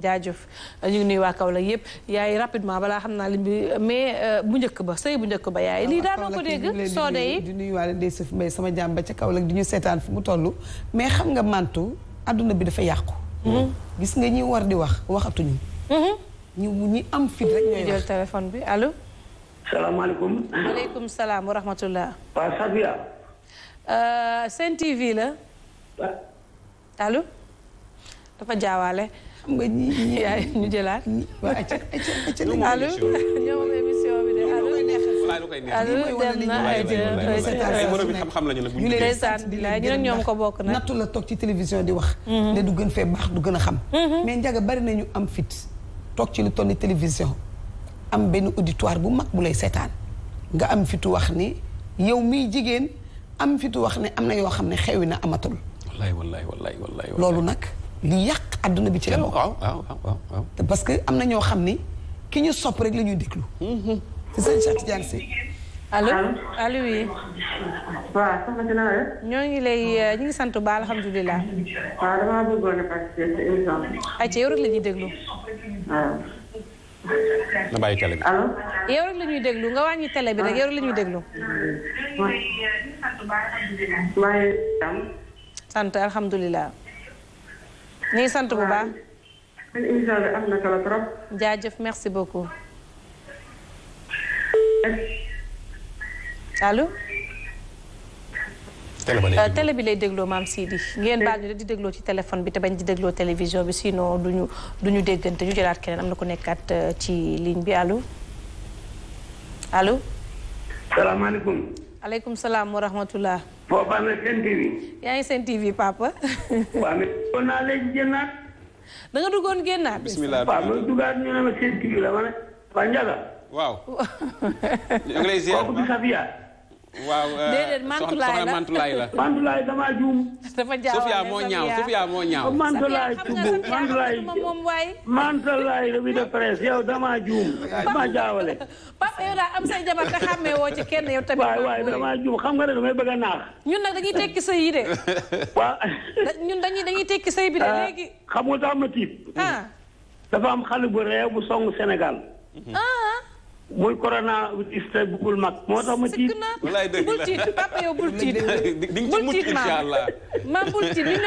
jaajëf ñu ngi nuyu waa Kaolack yëpp yaay rapidement balaa xam naa lim bi mais euh, bu njëkk ba sëy bu njëkk ba yaay lii daanoo ko dégg soode yi di nuyu waale ndey sëf mbay sama jàmm ba ca Kaolack di ñu seetaan fu mu toll mais xam nga mantu àdduna bi dafa yàqu mhm. gis nga ñi war di wax waxatuñu mhm. ñu ñi am fit rek ñooy jël téléphone bi allo salaamaaleykum aleykum salaam euh, dafa jaawaale xam nga *laughs* ñu jëlaat. waaw ayca ayca ayca li allo ñoom émission bi na ay borom xam ñu leen sant di la ñu nag ko bokk nag. nattu la toog ci télévision di wax. Mm-hmm. ne du gën fee baax du gën a xam. Mm-hmm. mais njaga bari ñu am fit toog ci lu toll ni télévision am benn auditoire bu mag bu lay seetaan nga am fitu wax ni yow miy jigéen am fitu wax ne am na yoo xam ne xewi na amatul. wallaay wallaay wallaay wallaay loolu nag. li yàq àdduna bi ci la bokk parce que am na ñoo xam ni ki ñu sopp rek la ñuy déglu. Mm-hmm. ci sëñ Cheikh Tidiane Sy. allo allo oui. waaw soxna ñoo ngi lay euh, ñu ngi sant ba alhamdulilah. waaw ci émission bi. yow rek la déglu. waaw. na bàyyi télé bi rek nga wàññi télé bi rek yow rek la déglu. sant alhamdulilah. ñu sant bu baax. am jaajëf merci beaucoup. allo. Euh, télé bi lay dégloo maam Sidi ngeen baal ñu da di dégloo ci téléphone bi te bañ di dégloo télévision bi sinon duñu duñu déggante ñu jëlaat keneen am na ko nekkaat euh, ci ligne bi allo allo. salaamaaleykum. aleykum salaam wa foo ba amee seen TV. yaa ngi seen TV papa. waaw mais duggoon naa léegi génnaat. da nga duggoon génnaat. bisimilah waaw loolu duggaat ñu ne ma seen TV la ma ne. waa Ndiaga. waaw. *laughs* ñu ngi lay ziar kooku du waaw euh, déedéet mantulaay la soxna mantulaay la. mantulaay damaa juum. dafa jaaw moo ñaaw Sofia moo ñaaw. mantulaay tudd mantulaay mantulaay revue de presse yow damaa juum damaa jaawale. papa yow daal am say jabar te xàmmee woo ci kenn yow tamit. waay damaa juum xam nga ne damay bëgg a naax. ñun nag dañuy tekki sëy yi de. *laughs* waaw. ñun dañuy dañuy tekki sëy bi de ah, léegi. xam nga tax tiit. Ah. dafa am xale bu réew bu song Sénégal. Ah. mooy corona ista bugul mag moo tax ma tiit. walaay dëgg la bul tiit bul tiit. di nga bul tiit li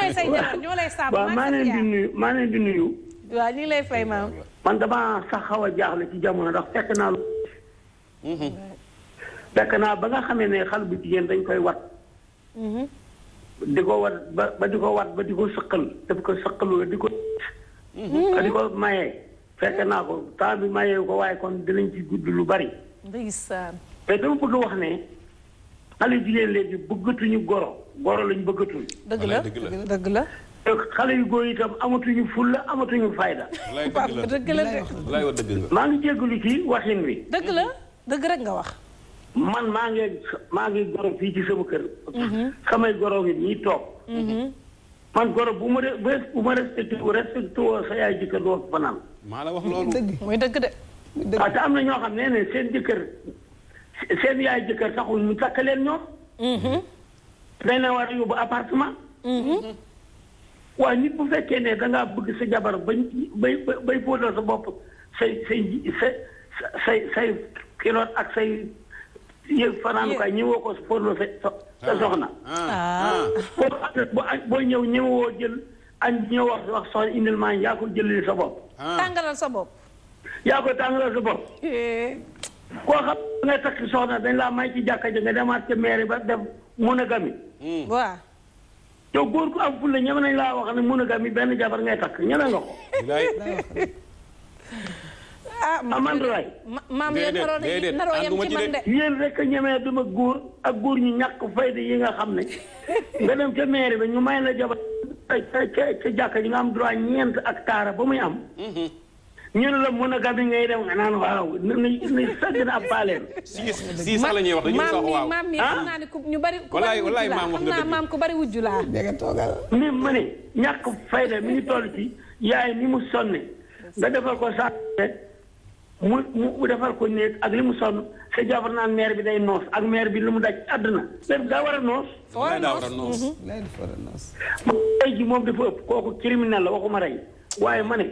maa leen di nuyu maa leen di nuyu. waaw ñu lay fay maam. man damaa sax xaw a jaaxle ci jamono ndax fekk naa. Mhm. fekk naa ba nga xamee ne xal bu jigéen dañ koy wat. Mhm. di ko wat ba di ko wat ba di ko sëqal daf ko sëqaloo di ko. Mhm. di ko maye. fekk naa ko temps bi mayeewu ko waaye kon dinañ ci gudd lu bari. nga gis ndeysaan. mais dama bëgg wax ne xale jigéen léegi bëggatuñu goro goro lañ bëggatuñ. dëgg la dëgg la xale yu góor itam amatuñu fulla amatuñu fayda. dëgg la dëgg la maa ngi jégalu ci waxin wi. dëgg la dëgg rek nga wax. man maa ngi maa ngi goro fii ci sama kër. Mhm. samay goro ngi ñuy toog. Mhm. man goro bu ma bu ma respecté respecté woo sa yaay jëkkër doo fa maa la wax loolu dëgg mooy dëgg de. te am na ñoo xam ne ne seen jëkkër seen yaay jëkkër taxul ñu takk leen ñoom. Mm-hmm. dañ la war a yóbbu appartement. Mm-hmm. waaye nit bu fekkee ne da ngaa bëgg sa jabar bañ bay bay fóotal sa bopp say say kiloot ak say yëf fanaanukaay ñëwoo ko fóotal sa ah. soxna. Ah. Ah. boo ñëw ñëwoo jël. añ ñoo wax wax soxla indil maa yaa sa bopp. Ah. tàngalal sa ko tàngalal dañ laa may ci jàkka ja nga demaat hmm. góor gu am fulla ñeme nañ laa wax ne monogami benn jabar ngay takk ñeme nga ko. *laughs* ah man raay maam yéen naroo naroo yem ci man de yéen rek ñemee dama góor ak góor ñu ñakk fayda yi nga xam ne *laughs* nga dem ca mairie ba ñu may la jabar ca ca ca jàkka ji nga am droit ñeent ak taara ba muy am. Mm-hmm. ñu ne la monogamie ngay dem nga naan waaw na na sàgg na ab baaleen. si sax la ñuy wax sax waaw maam mi maam ah? mi xam naa ne ku ñu bari. walaay walaay maam wax nga dëgg maam ku bari wujju laa. dégg nga toogal. ni ma ne ñàkk fayda mi ngi toll ci yaay ni mu sonne nga defal ko saa mu mu defal ko néeg ak li mu sonn. sa jabar naan maire bi day noos ak maire bi lu mu daj àdduna maire bi daa war a noos. war a noos war a noos. Mhm. tey ji moom dafa ëpp kooku criminel la waxuma rey waaye ma ne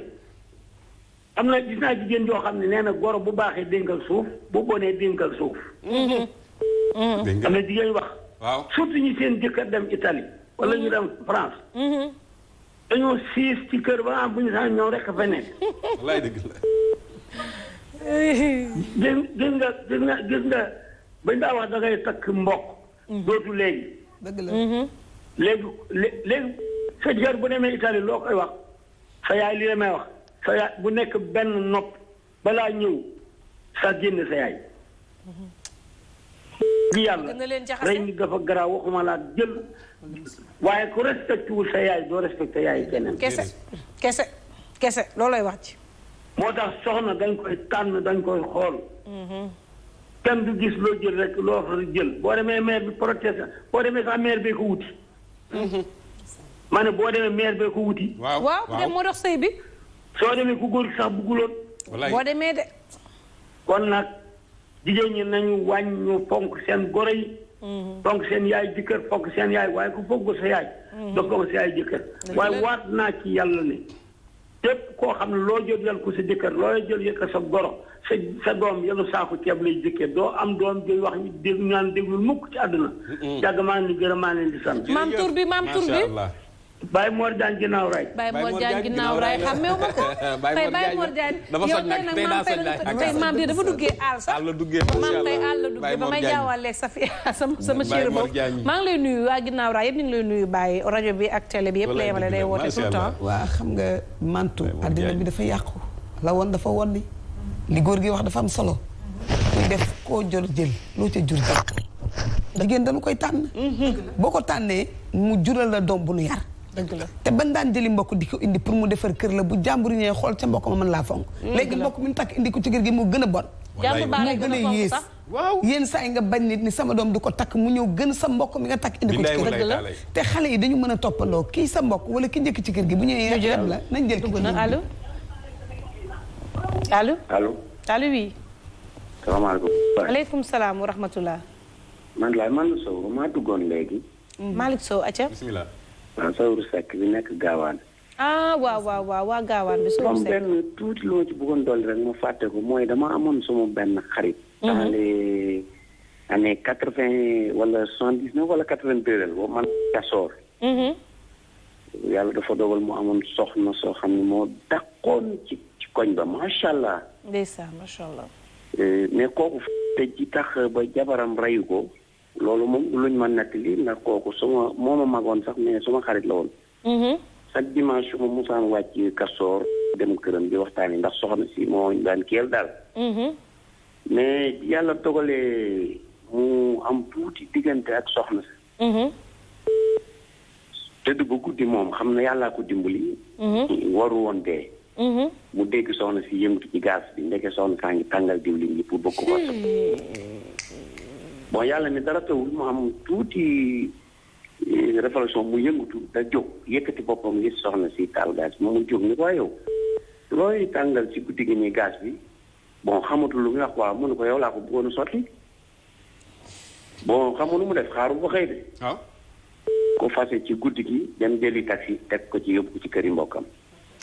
am na gis naa jigéen joo xam ne nee na goro bu baaxee dénkal suuf bu bonee dénkal suuf. Mhm. Mhm. am na jigéen wax. waaw surtout ñi seen jëkkër dem Italie wala ñu dem France. dañoo siis ci kër ba am bu ñu sax ñoom rek fa nekk. wallaay dëgg la. *laughs* gis gis nga gis nga gis nga bañ daa wax da takk mbokk. Mm-hmm. dootu léegi. dëgg la mm-hmm. léegi léegi sa jër bu demee Italie loo koy wax li demee wax bu nekk benn nopp balaa ñëw sa génn sa yaay. Mm-hmm. gi yàlla dafa garaaw waxuma jël waaye ku respecté wul sa yaay doo respecté yaay keneen. kese kese kese loolooy wax ci. moo tax soxna dañ koy tànn dañ koy xool. Mm-hmm. kenn du gis loo jël rek loo fa jël boo demee mair bi protesté boo demee sax maire bee ko wuti. Mm-hmm. ma ne boo demee maire bee ko wuti. waaw waaw dem moo dox sëy bi. soo demee ku góor sax bugguloon. boo demee de. kon nag jigéen ñi nañu wàññi fonk seen goro yi. Mm-hmm. fonk seen yaay jëkkër fonk seen yaay waaye ku fonk sa yaay. doo fonk yaay jëkkër. waaye waat naa ci yàlla ne. képp koo xam ne loo jël yal ko sa jëkkër loo jël yëkkal sa goro sa sa doom yalu saako ceeb lay jëkkee doo am doom joy wax dégg ñaan déglul mukk ci àdduna. yàgg maa ngi gërëm maa leen di sant. maam tur bi maam tur bi Baye Mor Diagne ginnaaw raay. Baye Mor Diagne ginnaaw raay xammewu ma ko. *laughs* Baye Mor dafa soj nag tey daa soj nag tey maam tey dafa duggee aal sax. maam tey aal la duggee ba may jaawalee Safia *laughs* sama sama chéri boobu. maa ngi lay nuyu waa ginnaaw raay yëpp ñu ngi lay nuyu Baye rajo bi ak télé bi yëpp la yemale day woote tout le temps. waa xam nga mantu addina bi dafa yàqu. la woon dafa won ni. li góor gi wax dafa am solo. kuy def koo jor jël loo ca jur jël. jigéen dañu koy tànn. Mm-hmm. boo ko tànnee mu jural la doom bu nu yar te ban daan jëli mbokk di ko indi pour mu defar kër la bu jàmbur ne xool ca mbokk ma mën laa fonk léegi mbokk mi takk indi ko ci kër gi mu gën a bon moo gën a yées waaw yéen saa yi nga bañ nit ni sama doom du ko takk mu ñëw gën sa mbokk mi nga takk indi ko ci kër gi la te xale yi dañu mën a toppandoo kii sa mbokk wala ki njëkk ci kër gi bu ñëwee dem la nañ jël ki allo allo allo allo oui salaamaaleykum aleykum salaam wa rahmatullah man laay Malick Sow maa duggoon léegi waaw Saourou Seck bi nekk gaawaan ah waaw waa gaawaan bi Saourou Seck benn tuuti lu ci bëggoon dolli rek ma fàtte ko mooy dama amoon sama benn xarit mhm. dans les années quatre vingt wala soixante dix mhm. yàlla dafa dogal mu amoon soxna soo xam ne moo dàqoon ci ci koñ ba macha allah ndeysaan macha allah eh, mais kooku te ji tax ba jabaram reyu ko loolu moom luñ ma natt li ndax kooku suma moo ma magoon sax mais suma xarit la woon. Mm-hmm. chaque dimanche su ma musaan wàcc kastoor dem këram di waxtaan yi ndax soxna si moo ñu daan keel daal. Mm-hmm. mais yàlla dogalee mu am tuuti diggante ak soxna si. Mm-hmm. tëdd ba guddi moom xam na yàllaa ko dimbali. waru woon dee. mu dégg soxna si yëngatu ci gaz bi ndeke soxna saa ngi tàngal diwlin yi pour bëgg ko. bon yàlla ni dara tawul mu am tuuti e, réflexion mu yëngatu da jóg yëkkati boppam ngir soxna si taal gaz bi jóg ni ko yow looy tàngal ci guddi gi nii gaz bi bon xamatul lu muy wax waaw mu ne ko yow laa ko bëggoon a sotti bon mu def xaaru ba xëy de ah. ko fase ci guddi gi dem jëli taxi teg ko ci yóbbu ko ci këri mbokkam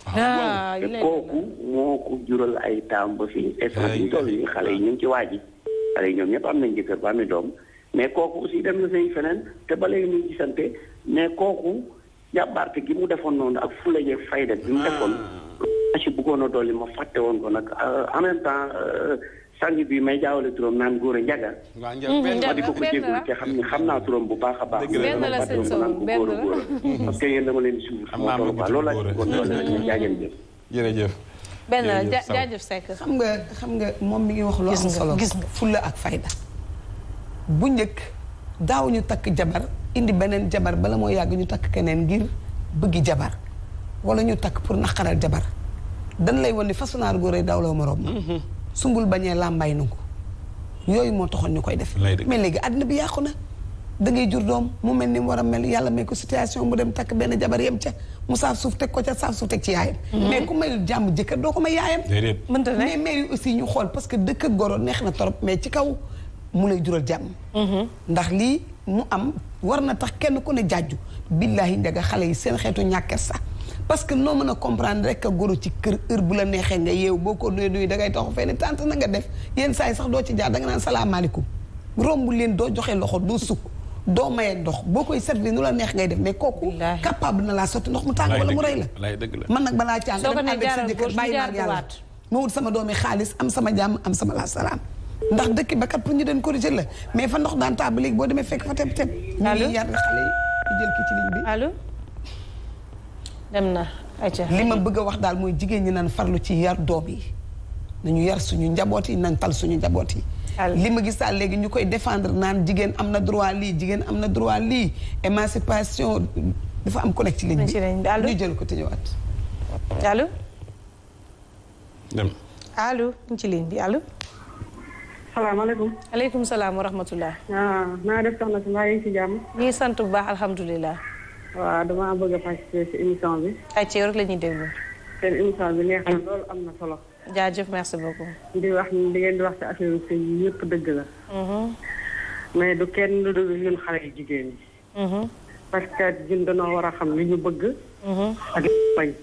ah. Ah, te kooku moo ko jural ay taam ba fii instant yi toll yi xale yi ñu ngi ci waaji xale yi ñoom ñëpp am nañ jëkkër ba amee doom mais kooku aussi dem na sëy feneen te ba léegi ñu gisante mais kooku jàbbaarte gi mu defoon noonu ak fulla yeeg fayda bi mu ah. defoon si bëggoon a dolli ma fàtte woon ko nag euh, en même temps euh, sànq bi may jaawale turam naan góor a njaga ma di ko ko jégalu te xam ni xam naa turam bu baax a baax ma fàtte woon ko naan ko góor a góor a parce que yéen loolu laa ci bëggoon dolli nag *laughs* ñu jaajëf benn jaajëf Seck xam nga xam nga moom mi ngi wax lu am solo gis nga fulla ak fayda bu njëkk daaw ñu takk jabar indi beneen jabar bala moo yàgg ñu takk keneen ngir bëggi jabar wala ñu takk pour naqaral jabar dan lay wan ni façonnaar góoree daaw la moroom ma mhm. sumbul bañee làmbaay nangu yooyu moo taxoon ñu koy def mais léegi àddina bi yàqu na dangay jur doom mu mel ni mu war a mel yàlla may ko situation mu dem takk benn jabar yem ca mu saaf suuf teg ko ca saaf suuf teg ci yaayam. Mhm. mais ku mayul jàmm jëkkër doo ko may yaayam. mënta mais mairie aussi ñu parce que dëkk ak goro neex na trop mais ci kaw mu lay jural jàmm. Mhm. ndax lii mu am war na tax kenn ku ne jaaju. billahi njaga xale yi seen xeetu ñàkk sax parce que noo mën a comprendre rek a goro ci kër heure bu la neexee nga yeew boo ko nuyu nuyu dangay taxu fee ne na nga def yenn saa sax doo ci jaar danga naan salaamaaleykum romb leen doo joxe loxo doo sukk doo maye ndox boo koy servir nu la neex ngay def mais kooku. capable na laa sotti ndox mu tàng wala mu rey la. man nag balaa càng dem ànd ak sa jëkkër bàyyi naa yàlla ma wut sama doomi xaalis am sama jàmm am sama la salaam ndax dëkk ba kat ñu den corriger la mais fa ndox daan taa ba léegi boo demee fekk fa teb teb. allo na. li ma bëgg a wax daal mooy jigéen ñi naan farlu ci yar doom yi nañu yar suñu njaboot yi nañ tal suñu njaboot yi li ma gis léegi ñu koy défendre naan jigéen am na droit lii jigéen am na droit lii émancipation dafa am connect ci ligne bi ñu jël ko te ñëwaat allo dem allo ñu ci ligne bi allo salaamaaleykum aleykum salaam wa rahmatullah ah, naa def soxna si mbaa yéen ci jàmm ñii sant bu baax alhamdulilah waaw damaa bëgg a participer ci émission bi ay ci rek la ñuy déglu seen bi neex loolu am na solo jaajëf merci beaucoup. di wax di ngeen di wax ci affaire yu sëy yëpp dëgg la. Mm-hmm. mais du kenn du ñun xale yu jigéen ñi. Mm-hmm. parce que ñun dañoo war a xam li ñu bëgg. Mm-hmm. ak li ñu bañ.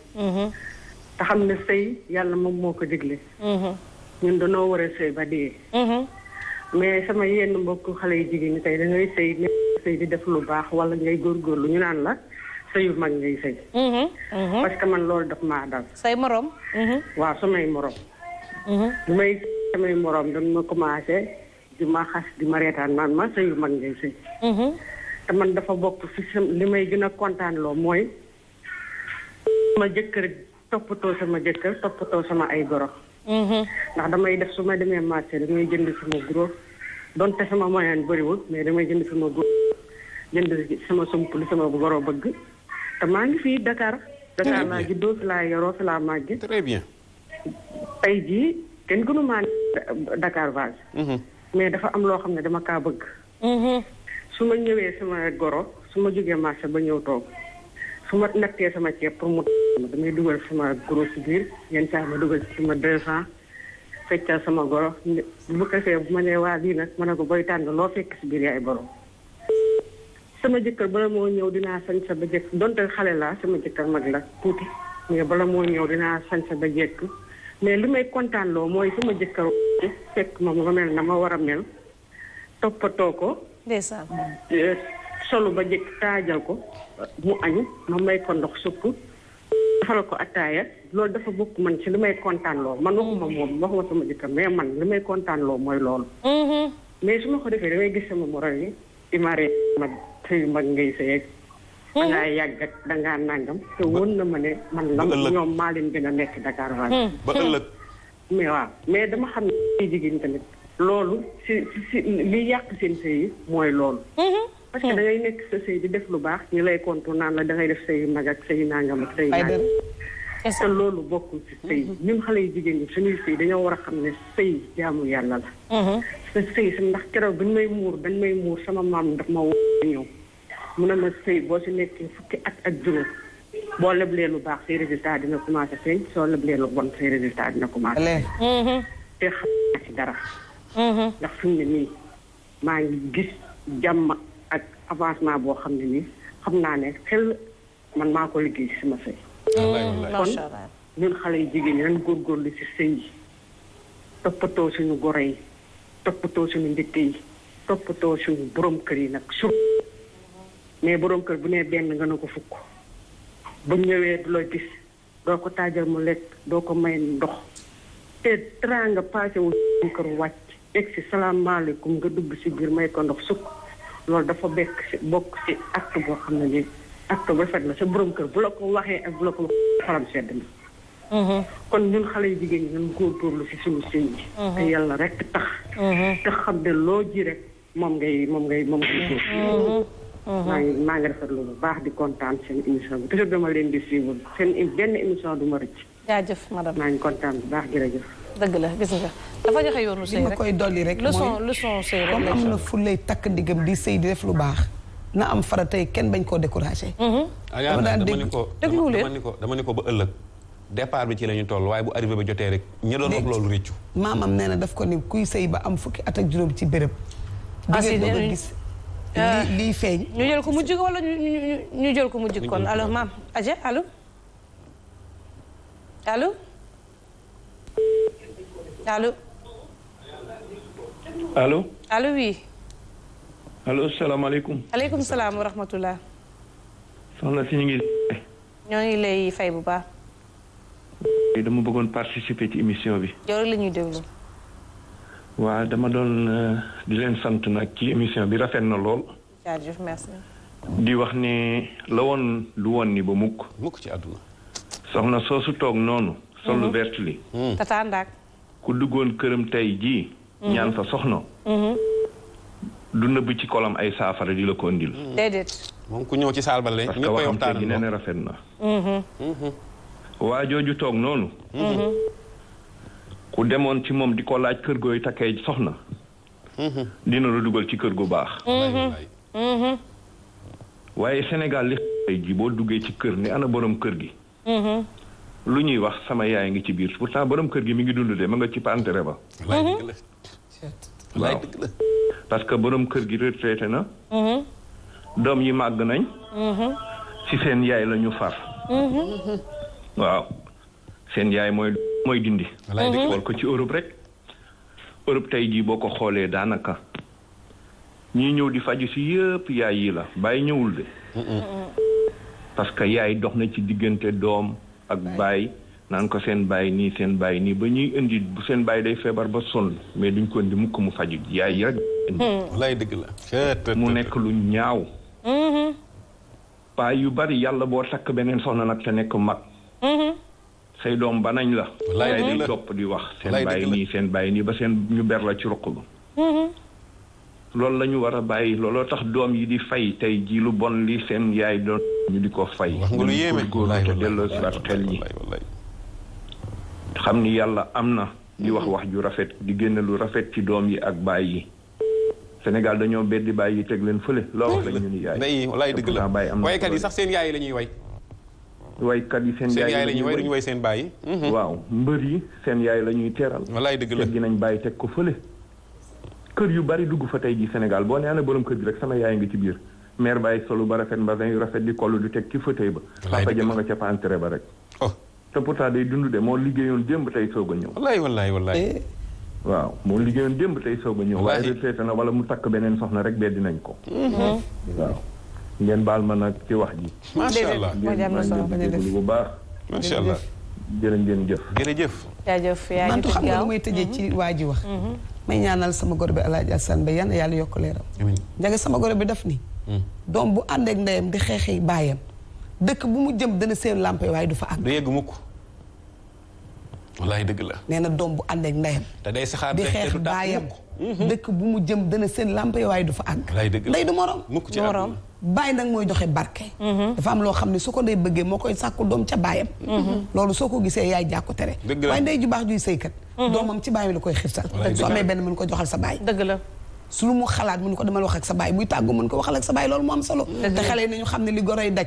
te xam ne sëy yàlla moom moo ko digle. ñun dañoo war a sëy ba dee. mais sama yenn mbokk xale yu jigéen ñi tey da sëy nekk sëy di def lu baax wala ngay góorgóorlu ñu naan la. sëyul mag ngay sëy parce que man loolu daf maa dal. say morom. Mm-hmm. waaw samay morom. bu may samay morom dañ ma commencé di ma xas di ma reetaan naan ma sëyul mag ngay sëy. Mm-hmm. te man dafa bokk li may gën a kontaan loo mooy sama jëkkër toppatoo sama jëkkër toppatoo sama ay goro. Mm-hmm. ndax damay def su ma demee marché damay jënd sama goro donte sama moyen bëriwul mais damay jënd sama goro jënd sama sumplu sama goro bëgg. te maa ngi fii Dakar. Dakar laa juddoo fi laa yoroo fi laa màgg. très bien. tey jii kenn gënu maa Dakar vage. Mhm. mais dafa am loo xam ne dama kaa bëgg. Mhm. su ma ñëwee sama goro su ma jógee marché ba ñëw toog su ma nattee sama ceeb pour mu damay dugal suma goro si biir yenn saa ma dugal si sama 200 feccal sama goro bu ko defee bu ma nee waa lii nag ma ne ko boy tànn loo fekk si biir yaay borom. sama jëkkër bala moo ñëw dinaa sañ sa ba jëkk donte xale laa sama jëkkër mag la tuuti mais bala moo ñëw dinaa sañ ba jëkk mais li may kontaan mooy sama jëkkër fekk ma ma mel na ma war a mel toppatoo ko. ndeysaan. Euh, solu ba taajal ko mu añ ma may ko ndox supp defal ko attaaya loolu dafa bokk man ci li may kontaan loo man waxuma moom waxuma sama jëkkër mais man li may kontaan loo loolu. Mm-hmm. mais su ko defee damay gis sama moral yi di ma fii mag ngay seeg da ngaa yàgg ak da ngaa nangam te wóor na ma ne man la ñoom maa leen gën a nekk Dakar waaye ba ëllëg mais waaw mais dama xam ne si jigéen tamit loolu si si li yàq seen sëy yi mooy loolu parce que da ngay nekk sa sëy di def lu baax ñu lay kontu naan la da ngay def sëy mag ak sëy nàngam ak sëy nangam est-ce que loolu bokkul ci sëy mhm. ñun xale yi jigéen ñi suñuy sëy dañoo war a xam ne sëy jaamu yàlla la sa mhm. sëy sa ndax keroog dañ may muur dañ may muur sama maam ndax ma woo ñëw mu ne ma sëy boo ci nekkee fukki at ak juróom boo leblee lu baax say résultat dina commencé feeñ soo leblee lu bon say résultat dina commencé feeñ mhm. te xam naa ci dara ndax fi ne nii maa ngi gis jàmm ak avancement boo xam ne nii xam naa ne xel man maa ko liggéey ci suma sëy Mm, kon ñun xale yu jigéen ñi nañ góorgóorlu ci sëñ yi toppatoo suñu goro yi toppatoo suñu njëkk yi toppatoo suñu borom kër yi nag sur mais borom kër bu nee benn nga na ko fukk bu ñëwee du gis doo ko taajal mu lekk doo ko may ndox te teraanga passé wu kër wàcc egg si nga dugg ci biir may ko ndox sukk loolu dafa bekk si bokk si at boo xam ne nii ak toog rafet na sa boroom kër bu la ko waxee ak bu la ko xolam sedd mhm. kon ñun xale yu jigéen ñi nañ góorgóorlu si suñu sëy mhm. tax mhm. te xam ne loo ji rek moom ngay moom ngay moom ngay góor maa ngi maa ngi baax di kontaan seen émission bi leen di suivre seen benn émission du ma rëcc jaajëf maa ngi kontaan bu baax jërëjëf dëgg la gis nga dafa joxe yoonu sëy rek li ma koy dolli rek mooy leçon sëy rek comme am na fu takk ndigam di sëy di def lu baax na am faratay kenn bañ koo découragé. Mhm. Ah, dama daan dégg déglu leen dama ni ko dama ni ba ëllëg. départ bi ci la toll waaye bu arrivé ba jotee rek. ñi doon wax loolu nee na daf ko ni kuy sëy ba am fukki at juróom ci béréb. assi ah, nee nañu gis ah. lii feeñ. ñu jël ko mujj wala ñu ñu jël ko mujj kon alors maam aje allo allo allo. allo. allo oui. allo salaamaaleykum. aleykum salaam wa soxna si ñu ngi. ñoo ngi lay fay bu baax. dama bëggoon participer ci émission bi. yow la ñuy déglu. waa dama doon euh, di leen sant nag ci émission bi rafet na lool. jaajëf di wax ne la woon lu woon ni ba mukk. mukk ci àdduna. soxna soosu toog noonu. sol lu mhm. vert li. Hmm. tata ku duggoon këram tey jii. Mhm. ñaan fa soxna. Mhm. du nëbb ci kolam ay saafara di la ko indil. Mm. déedéet. moom ku ñëw ci saal ba léegi. ñu koy rafet na. Mm-hmm. Mm-hmm. waa jooju toog noonu. Mm-hmm. ku demoon ci moom di ko laaj kër gooy takkee soxna. dina la dugal ci kër gu baax. waaye Sénégal li xëy ji boo duggee ci kër ni ana borom kër gi. lu ñuy wax sama yaay ngi ci biir pourtant borom kër gi mi ngi dund de ma nga ci pantere ba. parce que borom kër gi retraité na. Mm-hmm. doom yi màgg nañ. Mm-hmm. ci seen yaay lañu far. Mm-hmm. waaw seen yaay mooy dindi. xool ko ci Europe rek. Europe tey jii boo ko xoolee daanaka. ñii ñëw di faju si yëpp yaay yi la bàyyi ñëwul de. parce que yaay dox na ci diggante doom ak baay. naan ko seen bàyyi nii seen bàyyi nii ba ñuy indi seen bàyyi day feebar ba sonn mais duñ ko indi mukk mu faju yaay rek. Hmm. lay dëgg la. mu nekk lu ñaaw. paa mm-hmm. yu bari yàlla boo takk beneen soxna nag sa nekk mag. Mm-hmm. say doom ba banañ la. yaay day topp di wax. seen bàyyi nii seen bàyyi nii ba seen ñu ber la ci ruq ba. Mm-hmm. loolu lañu war a bàyyi looloo tax doom yi di fay tey jii lu bon li seen yaay doon. ñu di ko fay. wax nga lu yéeme góor delloo si waat xel yi. xam ni yàlla am na di wax wax ju rafet di génne lu rafet ci doom yi ak baay yi Sénégal dañoo beddi baay yi teg leen fële loo wax la ñu ni yaay ndey walaay dëgg la waykat yi sax seen yaay la ñuy way waykat yi seen yaay la ñuy way duñu way seen baay yi mhm. waaw mbër yi seen yaay lañuy ñuy teeral walaay dëgg la nañ bàyyi teg ko fële kër yu bari dugg fa tey ji Sénégal boo nee ana borom kër gi rek sama yaay nga ci biir mère bàyyi solu ba rafet mbasin yu rafet di kollu du teg ci fauteuil ba papa ja ma nga ca pantere ba rek oh. te pourtant day dund de moo liggéeyoon démb tey soog a ñëw. wallaay wallaay wallaay. Eh. waaw moo liggéeyoon démb tey soog a ñëw. waaye na wala mu takk beneen soxna rek beddi nañ ko. Mm-hmm. waaw ngeen baal ma nag ci wax ji. macha allah ngeen baal ngeen bu baax. macha allah jërë ngeen jëf. jërëjëf. jaajëf yaa xam nga lu may tëjee ci mm-hmm. waa ji wax. Mm-hmm. may ñaanal sama goro bi El Hadj Assane Mbaye yal na yàlla yokk leeram. amiin njage sama goro bi daf ni. Mm. doom bu ànd ak ndeyam di xeexi baayam dëkk bu mu jëm dana seen làmp waaye du fa àgg. du yegg wallaay dëgg la nee na doom bu ànd ak ndeyam. te di xeex baayam. Mhm. dëkk bu mu jëm dana seen làmp waaye du fa àgg. wallaay dëgg la ndey du morom. mukk ci morom baay nag mooy joxe barke. Mhm. dafa am loo xam ne su ko ndey bëggee moo koy sàkku doom ca baayam. Mhm. loolu soo ko gisee yaay jàkku tere. dëgg la waaye ndey ju baax juy sëykat. doomam ci baayam la koy xirtal. wallaay dëgg soo amee benn mën ko joxal sa baay. dëgg la. su lu mu ko demal wax ak sa baay buy tàggu mun ko waxal ak sa baay loolu moo am solo. te xale yi nañu xam ne li goroy daj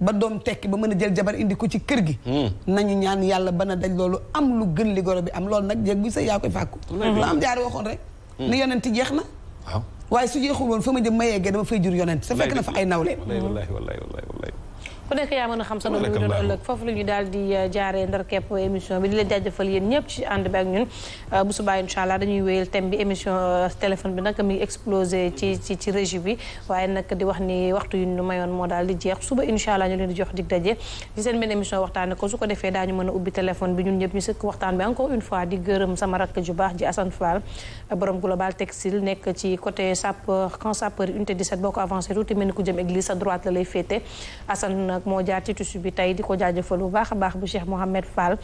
ba doom tekki ba mën a jël jabar indi ko ci kër gi hmm. nañu ñaan yàlla ba na daj loolu am lu gën li goro bi am loolu nag jeeg buy sëy yaa koy fàkku lu am jaari waxoon rek hmm. ni yonent jeex na waaye su jeexul woon fa ma jëm ma yeggee dama fay jur yonent sa fekk na fa ay nawle ku nekk yaa sa doom foofu la ñu daal di euh, jaaree ndar kepp émission bi di leen jaajëfal yéen ñëpp ci ànd bi ak ñun euh, bu subaa incha dañuy wéyal thème bi émission euh, téléphone bi nag mi ngi explosé ci ci ci régie bi waaye nag di wax ni waxtu yu ñu mayoon moo daal di jeex suba incha allah ñu leen di jox dig daje ci seen benn émission waxtaane ko su ko defee daañu mën a ubbi téléphone bi ñun ñëpp une fois di gërëm sama rakk ju baax ji Assane Fall borom global textile nekk ci côté sapeur camp sapeur unité 17 boo ko avancé tuuti mel ni ku jëm sa moo jaar ci tissu bi tey di ko jaajëfal bu baax a baax bu Cheikh Mouhamed Fall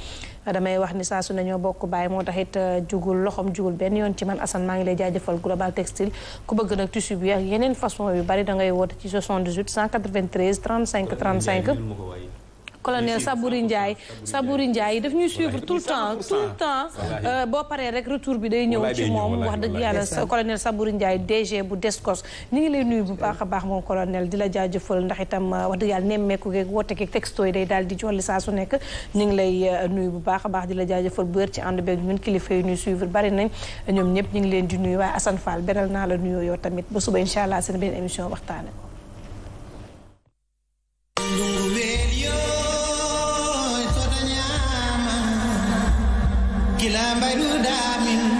damay wax ni saa su nañoo bokk bàyyi moo tax it euh, jugul loxom jugul benn yoon ci man Assane maa ngi lay jaajëfal Global Textile ku bëgg nag tissu bi ak yeneen façon yu bari da ngay woote ci 78 193 35 35 colonel Sabouri Ndiaye Sabouri Ndiaye daf ñuy suivre tout le temps tout le temps euh, boo paree rek retour bi day ñëw ci moom wax dëgg yàlla colonel Sabouri Ndiaye DG bu Descos ñu ngi lay nuyu bu baax a baax moom colonel di la jaajëfal ndax itam euh, wax dëgg yàlla nemmeeku geeg woote geeg texto yi day daal di jox saa su nekk ñu ngi lay euh, nuyu bu baax a baax di la jaajëfal bu wér ci ànd beeg ñun kilifa yi ñuy suivre bari nañ ñoom ñëpp ñu ngi leen di nuyu waaye Assane Fall beral naa la nuyoo yow tamit ba suba incha allah seen benn كلا برد من